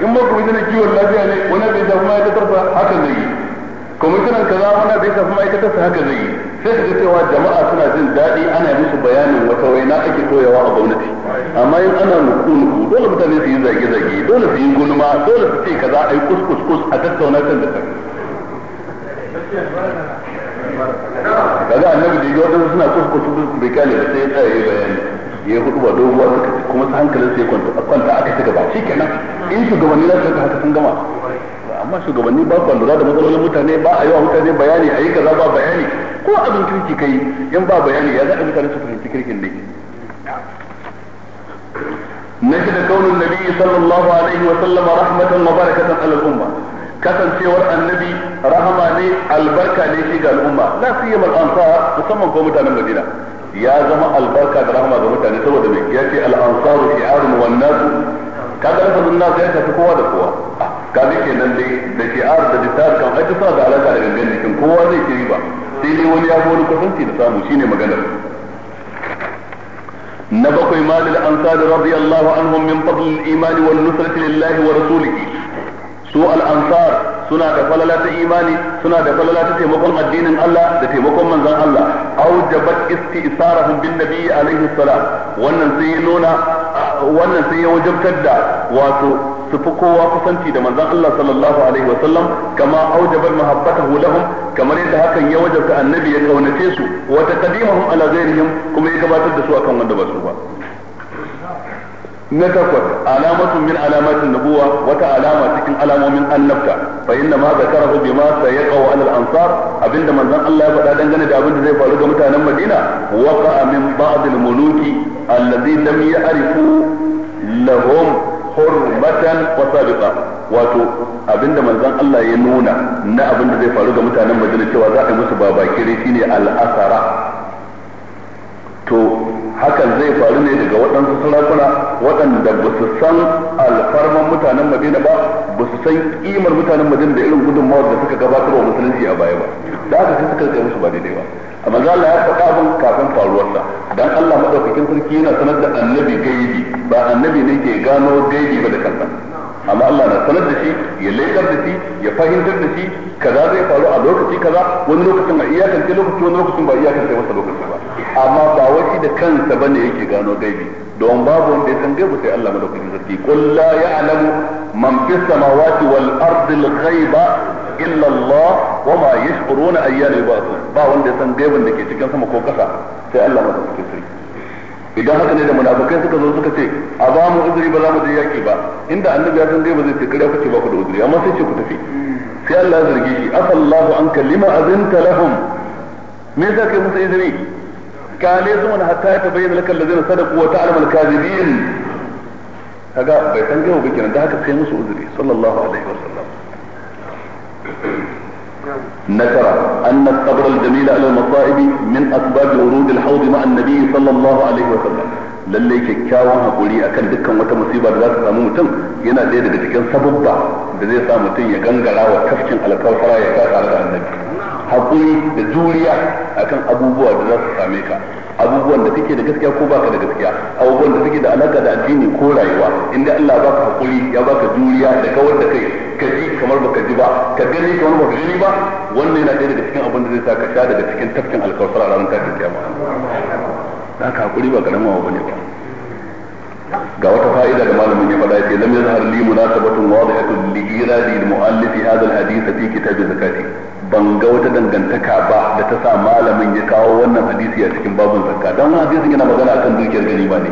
in ba kwamishinan kiwon lafiya ne wani bai shafi ma'aikatar sa haka zai yi kwamishinan kaza za da ya tafi ma'aikatar su haka zai yi sai ka ga cewa jama'a suna jin daɗi ana musu bayanin wata waina ake koyawa a gwamnati amma in ana nuku nuku dole mutane su yi zage zage dole su yi gulma dole su ce kaza ai kus kus kus a tattauna kan da kan kaga annabi da yi wadanda suna kus kus kus bai kale ba sai ya tsaye ya bayani ya yi hudu ba doguwa suka kuma su hankalin sai kwanta a kwanta aka ci gaba kenan in shugabanni za su haka sun gama amma shugabanni ba su lura da matsalolin mutane ba a yi wa mutane bayani a yi kaza ba bayani ko abin kirki kai in ba bayani ya zaɓi mutane su fahimci kirkin ne na da kaunin nabi sallallahu alaihi wa sallama rahmatan wa barakatan al'umma kasancewar annabi rahama ne albarka ne shi ga al'umma na siyama al-ansar musamman ko mutanen madina ya zama albarka da rahama ga mutane saboda mai ya ce al'ansaru shi'arun wan kaga lafazin nasu ya tafi kowa da kowa kaji kenan dai da shi'ar da disar kan ai suna da alaka da gangan jikin kowa zai ci riba sai dai wani ya fi wani kusanci da samu shine maganar na bakwai malil da radiyallahu anhum min fadl al-iman wal nusrati lillahi wa rasulihi su al-ansar suna da falala ta imani suna da falala ta taimakon addinin Allah da taimakon manzon Allah aujabat isti'sarahum bin nabi alaihi salam wannan sai ya nuna wannan sai ya wajabtar da wato su fi kowa kusanci da manzan Allah sallallahu alaihi wa sallam kama aujabar mahabbatahu lahum kamar yadda hakan ya wajabta annabi ya kaunace su wa taqdimahum ala ghairihim kuma ya gabatar da su akan wanda ba su ba na takwas alamatun min alamatin nubuwa wata alama cikin alamomin annabta fa inna ma zakarahu bima sayaqau ala al-ansar abinda manzon Allah ya faɗa dangane da abinda zai faru ga mutanen Madina waqa min ba'd al-muluki allazi lam ya'rifu lahum hurmatan wa sabiqa wato abinda manzon Allah ya nuna na abinda zai faru ga mutanen Madina cewa za a musu babakire shine al-asara to hakan zai faru ne daga waɗansu sarakuna waɗanda ba su san alfarman mutanen Madina ba ba su san kimar mutanen Madina da irin gudunmawar da suka gabatar wa musulunci a baya ba da aka sai suka kai musu ba daidai ba amma Allah ya faɗa abin kafin faru Allah dan Allah madaukakin sarki yana sanar da annabi gaibi ba annabi ne ke gano gaibi ba da kansa amma Allah na sanar da shi ya laifar da shi ya fahimtar da shi kaza zai faru a lokaci kaza wani lokacin ba iya iyakance lokaci wani lokacin ba iya iyakance masa lokaci ba amma ba wai da kansa bane yake gano gaibi don babu wanda ya san gaibi sai Allah madaukakin sarki qul la ya'lamu man fis samawati wal ardi al ghaiba illa Allah wa ma yashuruna ayyana yub'athun ba wanda ya san gaibin da ke cikin sama ko kasa sai Allah madaukakin sai idan haka ne da munafikai suka zo suka ce a ba mu uzuri ba za mu je yaki ba inda annabi ya san dai ba zai ce ku ce ba ku da uzuri amma sai ce ku tafi sai Allah ya zargi shi afallahu an kallima azinta lahum me ka yi musu izini ne su na hatta ya tabayyana lakal ladina sadaku wa ta'lamal kadhibin kaga bai san gaba ba kenan da haka sai musu uzuri sallallahu alaihi wasallam نكر أن الصبر الجميل على المصائب من أسباب ورود الحوض مع النبي صلى الله عليه وسلم lallai kyakkyawan hakuri akan dukkan wata musiba da za ta samu mutum yana ɗaya daga cikin sababba da zai sa mutum ya gangara wa tafkin alkawfara ya sa tare da annabi hakuri da juriya akan abubuwa da za su same ka abubuwan da kake da gaskiya ko baka da gaskiya abubuwan da kake da alaka da addini ko rayuwa inda Allah baka hakuri ya baka juriya da kawar da kai ka ji kamar baka ji ba ka gani kamar baka gani ba wannan yana ɗaya daga cikin abin da zai sa ka sha daga cikin tafkin alkawfar a ranar tashin kiyama haka hakuri ba karamawa bane ba ga wata fa'ida da malamin ya faɗa yace lam yazhar li munasabatun wadihatun li iradi al-mu'allif hadha al-hadith fi kitab zakati ban ga wata dangantaka ba da ta sa malamin ya kawo wannan hadisi a cikin babin zakka don hadisin yana magana kan dukiyar ganima ne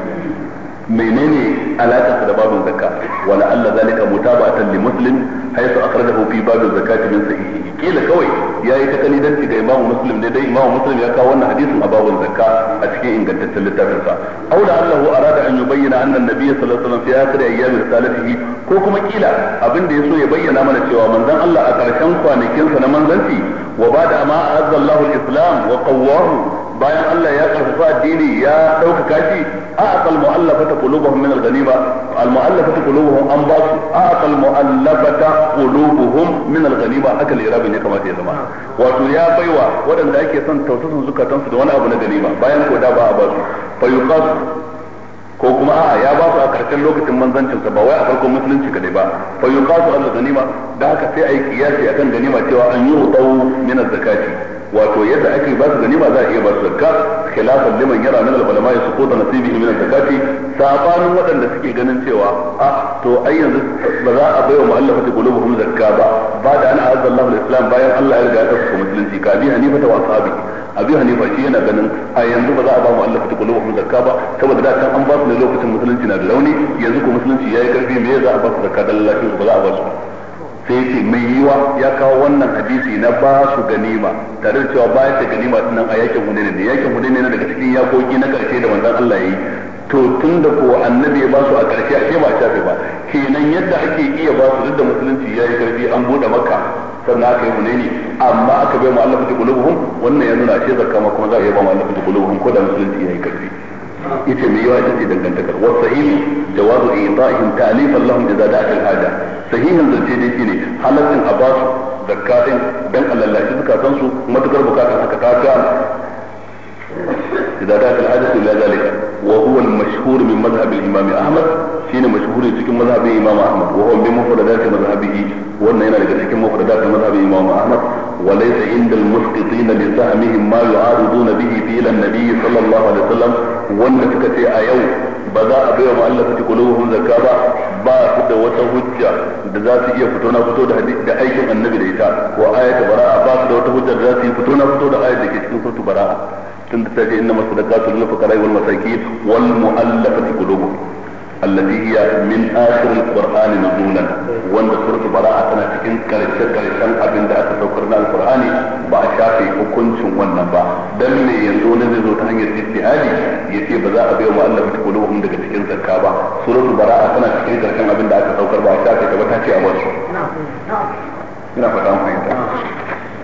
menene alakarsa da babin zakka wala alla zalika mutaba'atan li muslim haythu akhrajahu fi babin zakati min sahihi kila kawai yayi ta kalidanci ga imamu muslim dai dai imamu muslim ya kawo wannan hadisin a babin zakka a cikin ingantaccen littafin sa aw la allahu arada an yubayyana anna an-nabiy sallallahu alaihi wasallam fi akhir ayyam risalatihi ko kuma kila abin da yaso ya bayyana mana cewa manzon Allah a karshen kwanakin sa na manzanci wa bada ma azza Allahu islam wa qawwahu bayan Allah ya karfafa addini ya ɗaukaka shi a aqal mu'allafata qulubuhum min al-ghanima al-mu'allafata qulubuhum an ba su a aqal mu'allafata qulubuhum min al-ghanima haka al-irabi ne kamata ya zama wato ya baiwa waɗanda ake son tausasan zukatan su da wani abu na ganima bayan ko da ba a ba su fa yuqasu ko kuma a'a ya ba su a karshen lokacin manzancin sa ba wai a farkon musulunci kadai ba fa yuqasu al-ghanima da haka sai ayi kiyasi akan ganima cewa an yi utau min az-zakati wato yadda ake ba su ganima za a iya ba su zakka khilafan liman yara min al-ulama ya suquta nasibi min zakati sabanin waɗanda suke ganin cewa ah to ai yanzu ba za a baiwa mu'allafati qulubuhum zakka ba ba da an azza Allahu al-islam bayan Allah ya riga ya tsaka musulunci ka bi hanifa ta wasabi abi hanifa shi yana ganin a yanzu ba za a ba mu'allafati qulubuhum zakka ba saboda da kan an ba su ne lokacin musulunci na da rauni yanzu ko musulunci yayi karfi me za a ba su zakka dalla ba za a ba su sai ce mai yiwa ya kawo wannan hadisi na ba su ganima tare da cewa ba ya da ganima sunan a yakin hudaini ne yakin na daga cikin yakoki na karshe da manzon Allah yi to tun da kuwa annabi ya ba su a karshe a ba a shafe ba kenan yadda ake iya ba su duk da musulunci ya yi karfi an buɗe maka sannan aka yi hudaini amma aka bai mu Allah fi wannan ya nuna ce zakka ma kuma za a iya ba mu Allah fi ko da musulunci ya yi karfi yace mai yawa ita ce dangantakar wa sahihu jawazu i'ta'ihim ta'lifan lahum idza da al-haja sahihin zance dai shine halaccin a ba su da din dan alallaci zakatan su matukar bukatar haka ta ga idza da'at al-haja ila zalika wa huwa al imam Ahmad shine mashhuri cikin mazhabin Imam Ahmad wa huwa min mufradat madhhabihi yana daga cikin mufradat mazhabin Imam Ahmad wa laysa inda al-musqitin li sahmihim ma yu'ariduna bihi fi an-nabi sallallahu alaihi wasallam wanda suka ce a yau ba za a bayar Allah ta qulubuhum zakka ba ba su da wata hujja da za su iya da da annabi da ita wa ayatu ba su da wata hujja da za su da ke cikin tun da tace inna masadaqatu lil fuqara wal masakin wal mu'allafati qulubuhum allati hiya min akhir al qur'an wanda suratul bara'a tana cikin karshe karshen abinda aka saukar na alqur'ani ba a shafe hukuncin wannan ba dan me yanzu ne zai zo ta hanyar ijtihadi yace ba za a bai mu'allafati qulubuhum daga cikin zakka ba suratul bara'a tana cikin karshen abinda aka saukar ba a shafe ta ba ta ce a wasu ina fata mun fahimta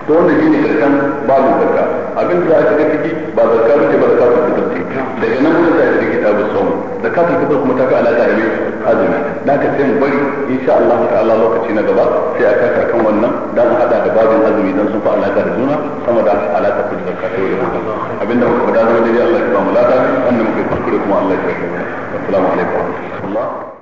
to wannan shine karshen babu zakka abin da aka ga ciki ba zakka bace ba zakka ta tafi daga nan ciki ta shiga kitabun da ka ta tafi kuma ta ka alaka da azumi da ka sai mu bari insha Allah allah lokaci na gaba sai a kaka kan wannan dan hada da babin azumi dan sun fa alaka da juna sama da alaka ta zakka ta yau abin da muka fada zama dai Allah ya ba mu lada wannan muka kuskure kuma Allah ya kiyaye assalamu alaikum wa rahmatullah